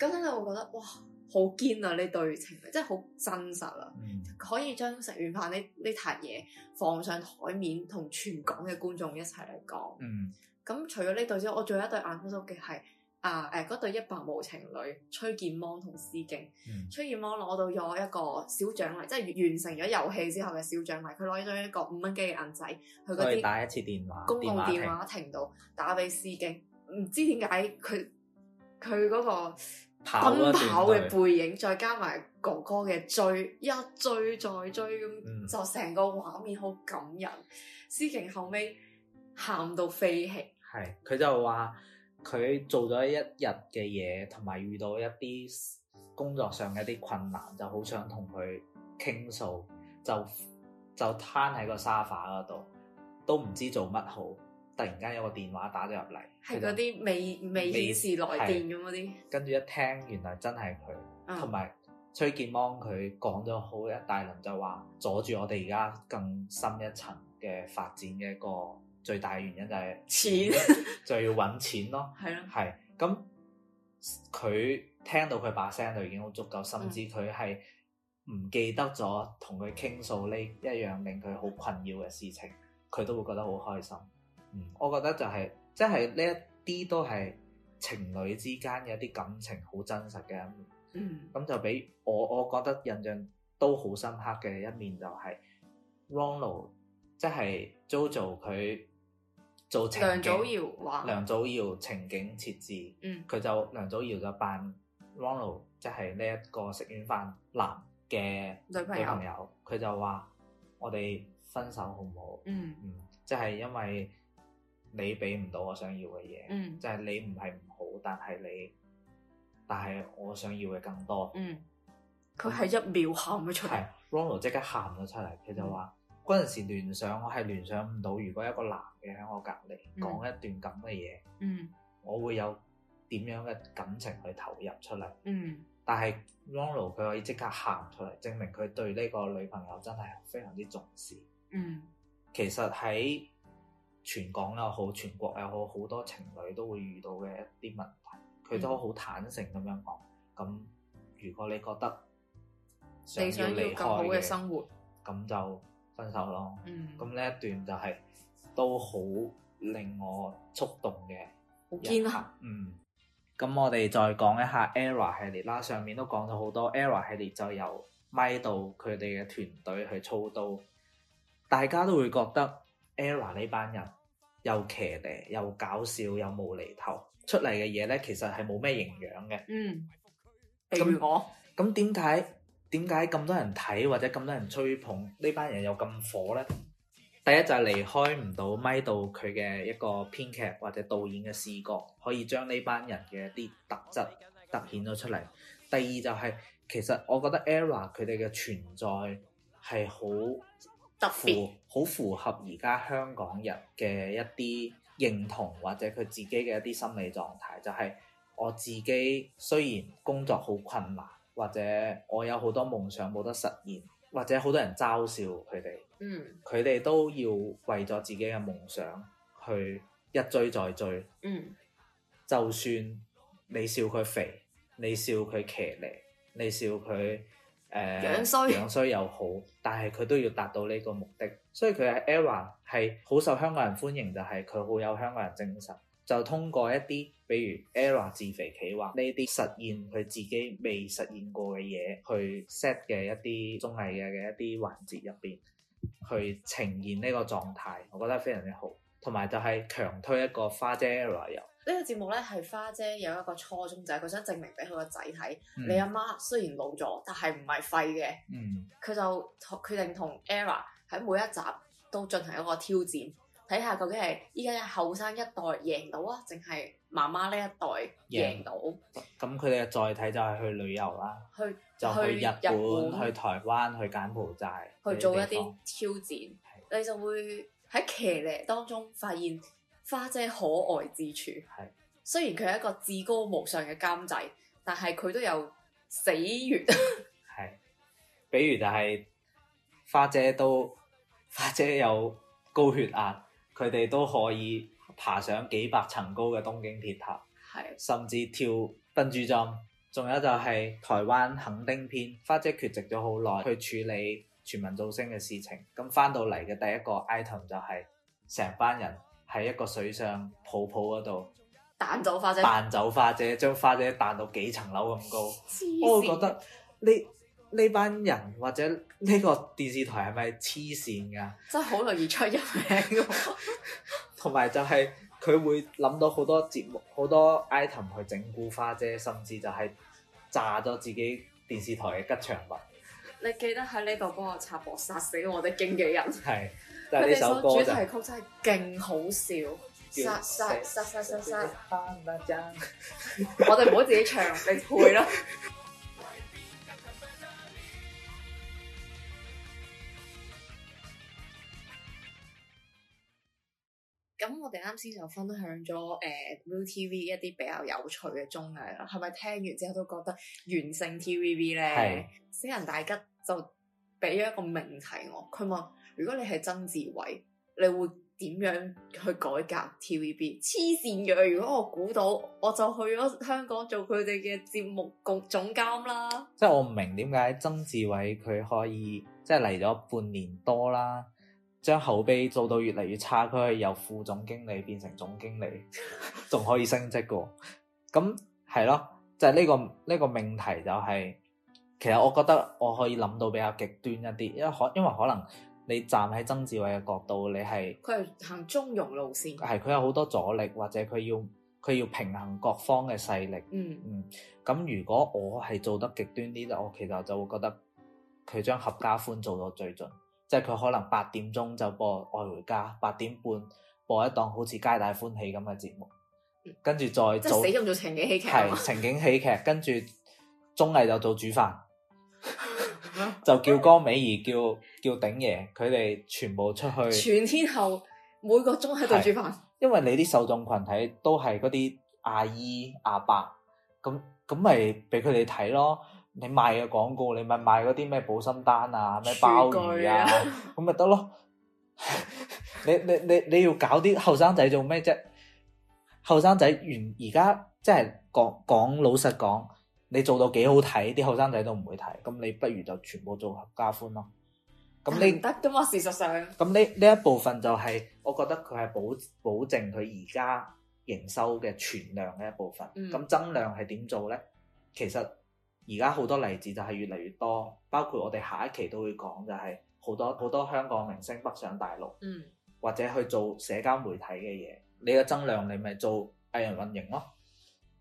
S2: 嗰陣、哦、 我會覺得哇，好堅啊呢對情侶，真係好真實啊！嗯、可以將食完飯呢呢壇嘢放上台面，同全港嘅觀眾一齊嚟講。咁、嗯、除咗呢對之外，我仲有一對眼花手。嘅係。啊！誒嗰對一百無情侶，崔劍芒同司敬。崔劍、嗯、芒攞到咗一個小獎勵，即係完成咗遊戲之後嘅小獎勵。佢攞咗一個五蚊雞嘅銀仔，佢去啲打一次
S1: 電話，電話公共電話
S2: 停到是打俾司敬。唔知點解佢佢嗰個奔跑嘅背影，啊、再加埋哥哥嘅追一追再追咁，嗯、就成個畫面好感人。司敬後尾喊到飛起，
S1: 係佢就話。佢做咗一日嘅嘢，同埋遇到一啲工作上嘅一啲困難，就好想同佢傾訴，就就攤喺個沙發嗰度，都唔知做乜好。突然間有個電話打咗入嚟，係嗰啲
S2: 未未顯示未來電咁嗰啲。
S1: 跟住一聽原來真係佢，同埋、啊、崔建邦佢講咗好一大輪就話阻住我哋而家更深一層嘅發展嘅一個。最大嘅原因就係、是、錢， 就要揾錢咯。係咯、 啊，係咁佢聽到佢把聲就已經好足夠，甚至佢係唔記得咗同佢傾訴呢一樣令佢好困擾嘅事情，佢都會覺得好開心。嗯，我覺得就係、是，即係呢一啲都係情侶之間嘅一啲感情好真實嘅一面。嗯，咁就俾我，我覺得印象都好深刻嘅一面就係 Ronald，即係 Jojo 佢。做情梁祖
S2: 堯，梁
S1: 祖堯情景設置，佢、嗯、就梁祖堯就扮 Ronald，即係呢一個食完飯男嘅女朋友。佢就話：我哋分手好唔好？嗯，即係、嗯就係、因為你俾唔到我想要嘅嘢，嗯、就係你唔係唔好，但係你但係我想要嘅更多。嗯，
S3: 佢係
S1: 一秒喊咗出嚟、嗯、Ronald 即刻喊咗出嚟。佢就話嗰陣時聯想我係聯想唔到，如果一個男。你喺我隔籬講一段咁嘅嘢，嗯、我會有點樣嘅感情去投入出嚟。嗯、但係 Ronald 佢可以即刻行出嚟，證明佢對呢個女朋友真係非常之重視。嗯、其實喺全港又好，全國又好，好多情侶都會遇到嘅一啲問題，佢都好坦誠咁樣講。咁、嗯、如果你覺得想要更好嘅生活，咁就分手咯。咁呢、嗯、一段就係、是。都好令我觸動嘅，好堅毅。嗯，咁我哋再講一下 Error 系列啦。上面都講咗好多 Error 系列，就由咪到佢哋嘅團隊去操刀，大家都會覺得 Error 呢班人又騎呢，又搞笑又無厘頭出嚟嘅嘢咧，其實係冇咩營養嘅。嗯，譬如我咁點睇？點解咁多人睇或者咁多人吹捧呢班人又咁火咧？第一就係離開唔到咪到佢嘅一個編劇或者導演嘅視角，可以將呢班人嘅一啲特質突顯咗出嚟。第二就係、是、其實我覺得 Error 佢哋嘅存在係好特別，好符合而家香港人嘅一啲認同或者佢自己嘅一啲心理狀態。就係、是、我自己雖然工作好困難，或者我有好多夢想冇得實現。或者好多人嘲笑佢哋，佢哋、嗯、都要為咗自己嘅夢想去一追再追。嗯，就算你笑佢肥，你笑佢騎呢，你笑佢誒，樣、呃、衰又好，但係佢都要達到呢個目的。所以佢係 Error 係好受香港人歡迎，就係佢好有香港人精神。就通過一啲，比如 Error 自肥企劃呢啲，實現佢自己未實現過嘅嘢，去 set 嘅一啲綜藝嘅嘅一啲環節入邊，去呈現呢個狀態，我覺得非常之好。同埋就係強推一個花姐 Error 遊
S2: 呢個節目咧，係花姐有一個初衷，就係、是、佢想證明俾佢個仔睇，嗯、你阿媽雖然老咗，但係唔係廢嘅。嗯，佢就決定同 Error 喺每一集都進行一個挑戰。睇下究竟係依家後生一代贏到啊，定係媽媽呢一代贏到？
S1: 咁佢哋嘅載體就係去旅遊啦，
S2: 去就去日本、日本去
S1: 台灣、去柬埔寨，去做一啲
S2: 挑戰。的你就會喺騎呢當中發現花姐可愛之處。係的，雖然佢係一個至高無上嘅監製，但係佢都有死穴。
S1: 係， 比如就係花姐都花姐有高血壓。佢哋都可以爬上幾百層高嘅東京鐵塔，的甚至跳笨豬跳，仲有就係台灣墾丁篇，花姐缺席咗好耐，去處理全民造星嘅事情。咁翻到嚟嘅第一個 item 就係、是、成班人喺一個水上泡泡嗰度彈走
S2: 花姐，彈
S1: 走花姐，將花姐彈到幾層樓咁高。我覺得呢。呢班人或者呢個電視台係咪黐線噶？
S2: 真係好容易出人命嘅喎，
S1: 同埋就係佢會諗到好多節目、好多 item 去整蠱花姐，甚至就係炸咗自己電視台嘅吉祥物。
S2: 你記得喺呢度幫我插播，殺死我的經紀人。係， 佢、
S1: 就、哋、是、首主題
S2: 曲真係勁好笑，殺殺殺殺殺殺！我哋唔好自己唱，你配咯。咁我哋啱先就分享咗誒、呃、ViuTV 一啲比較有趣嘅綜藝啦，係咪聽完之後都覺得完勝 TVB 咧？係是，死人大吉就俾咗一個命題我，佢問：如果你係曾志偉，你會點樣去改革 TVB？黐線嘅！如果我估到，我就去咗香港做佢哋嘅節目局總監啦。
S1: 即係我唔明點解曾志偉佢可以即係嚟咗半年多啦。將口碑做到越嚟越差，佢係由副總經理變成總經理，仲 可以升職噶，咁係咯，就係、是、呢、呢個呢、呢個命題就係、是，其實我覺得我可以諗到比較極端一啲，因可因為可能你站喺曾志偉嘅角度，你係
S2: 佢係行中庸路線，係
S1: 佢有好多阻力，或者佢要佢要平衡各方嘅勢力，嗯嗯，咁、嗯、如果我係做得極端啲，我其實就會覺得佢將合家歡做到最盡。即係佢可能八點鐘就播《愛回家》，八點半播一檔好似《皆大歡喜》咁嘅節目，跟住再做即係死咁
S2: 做情景喜劇，係情
S1: 景喜劇，跟住綜藝就做煮飯， 就叫江美儀， 叫叫鼎爺，佢哋全部出去全
S2: 天候每個鐘喺度煮飯，
S1: 因為你啲受眾群體都係嗰啲阿姨阿伯，咁咁咪俾佢哋睇咯。你賣嘅廣告，你咪賣嗰啲咩保心丹啊，咩鮑魚啊，咁咪得咯。你你你你要搞啲後生仔做咩啫？後生仔原而家即係講講老實講，你做到幾好睇，啲後生仔都唔會睇。咁你不如就全部做合家歡咯。咁你唔
S2: 得噶嘛？嗯、事實上，
S1: 咁呢呢一部分就係、是，我覺得佢係保保證佢而家營收嘅存量嘅一部分。咁、嗯、增量係點做咧？其實。而家好多例子就係越嚟越多，包括我哋下一期都會講，就係好多好多香港明星北上大陸，嗯、或者去做社交媒體嘅嘢。你嘅增量你咪做藝人運營咯。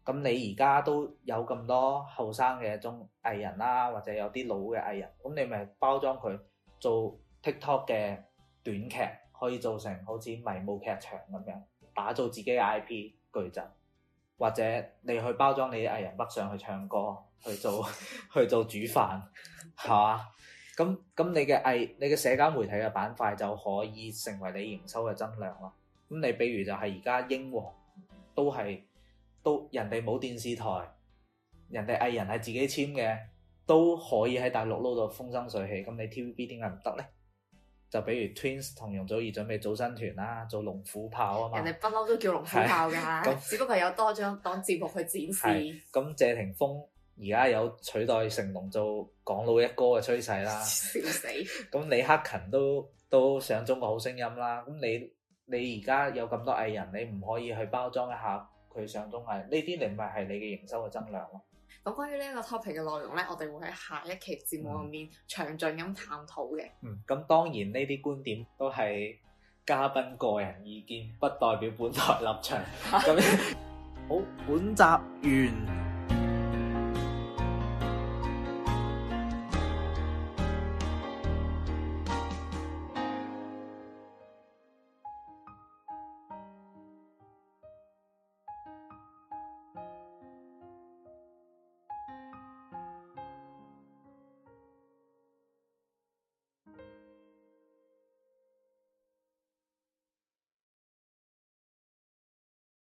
S1: 咁你而家都有咁多後生嘅一種藝人啦、啊，或者有啲老嘅藝人，咁你咪包裝佢做 TikTok 嘅短劇，可以做成好似迷霧劇場咁樣打造自己嘅 IP 矩陣，或者你去包裝你嘅藝人北上去唱歌。 去做去做煮飯，係嘛？咁咁你嘅藝，你嘅社交媒體嘅板塊就可以成為你營收嘅增量咯。咁你比如就係而家英皇，都係都人哋冇電視台，人哋藝人係自己簽嘅，都可以喺大陸撈到風生水起。咁你 T V B 點解唔得咧？就比如 Twins 同容祖兒準備組新團啦，做龍虎豹啊嘛。人哋不
S2: 嬲都叫龍虎豹噶，是 只不過係有多張檔節目去展示。
S1: 咁謝霆鋒，而家有取代成龍做港老一哥嘅趨勢啦，笑死！咁李克勤都都上《中國好聲音》啦，咁你你而家有咁多藝人，你唔可以去包裝一下佢上綜藝人？呢啲你唔咪係你嘅營收嘅增量咯。
S2: 咁關於呢個 topic 嘅內容咧，我哋會喺下一期節目入面詳盡咁探討嘅。嗯，
S1: 咁當然呢啲觀點都係嘉賓個人意見，不代表本台立場。咁 好，本集完。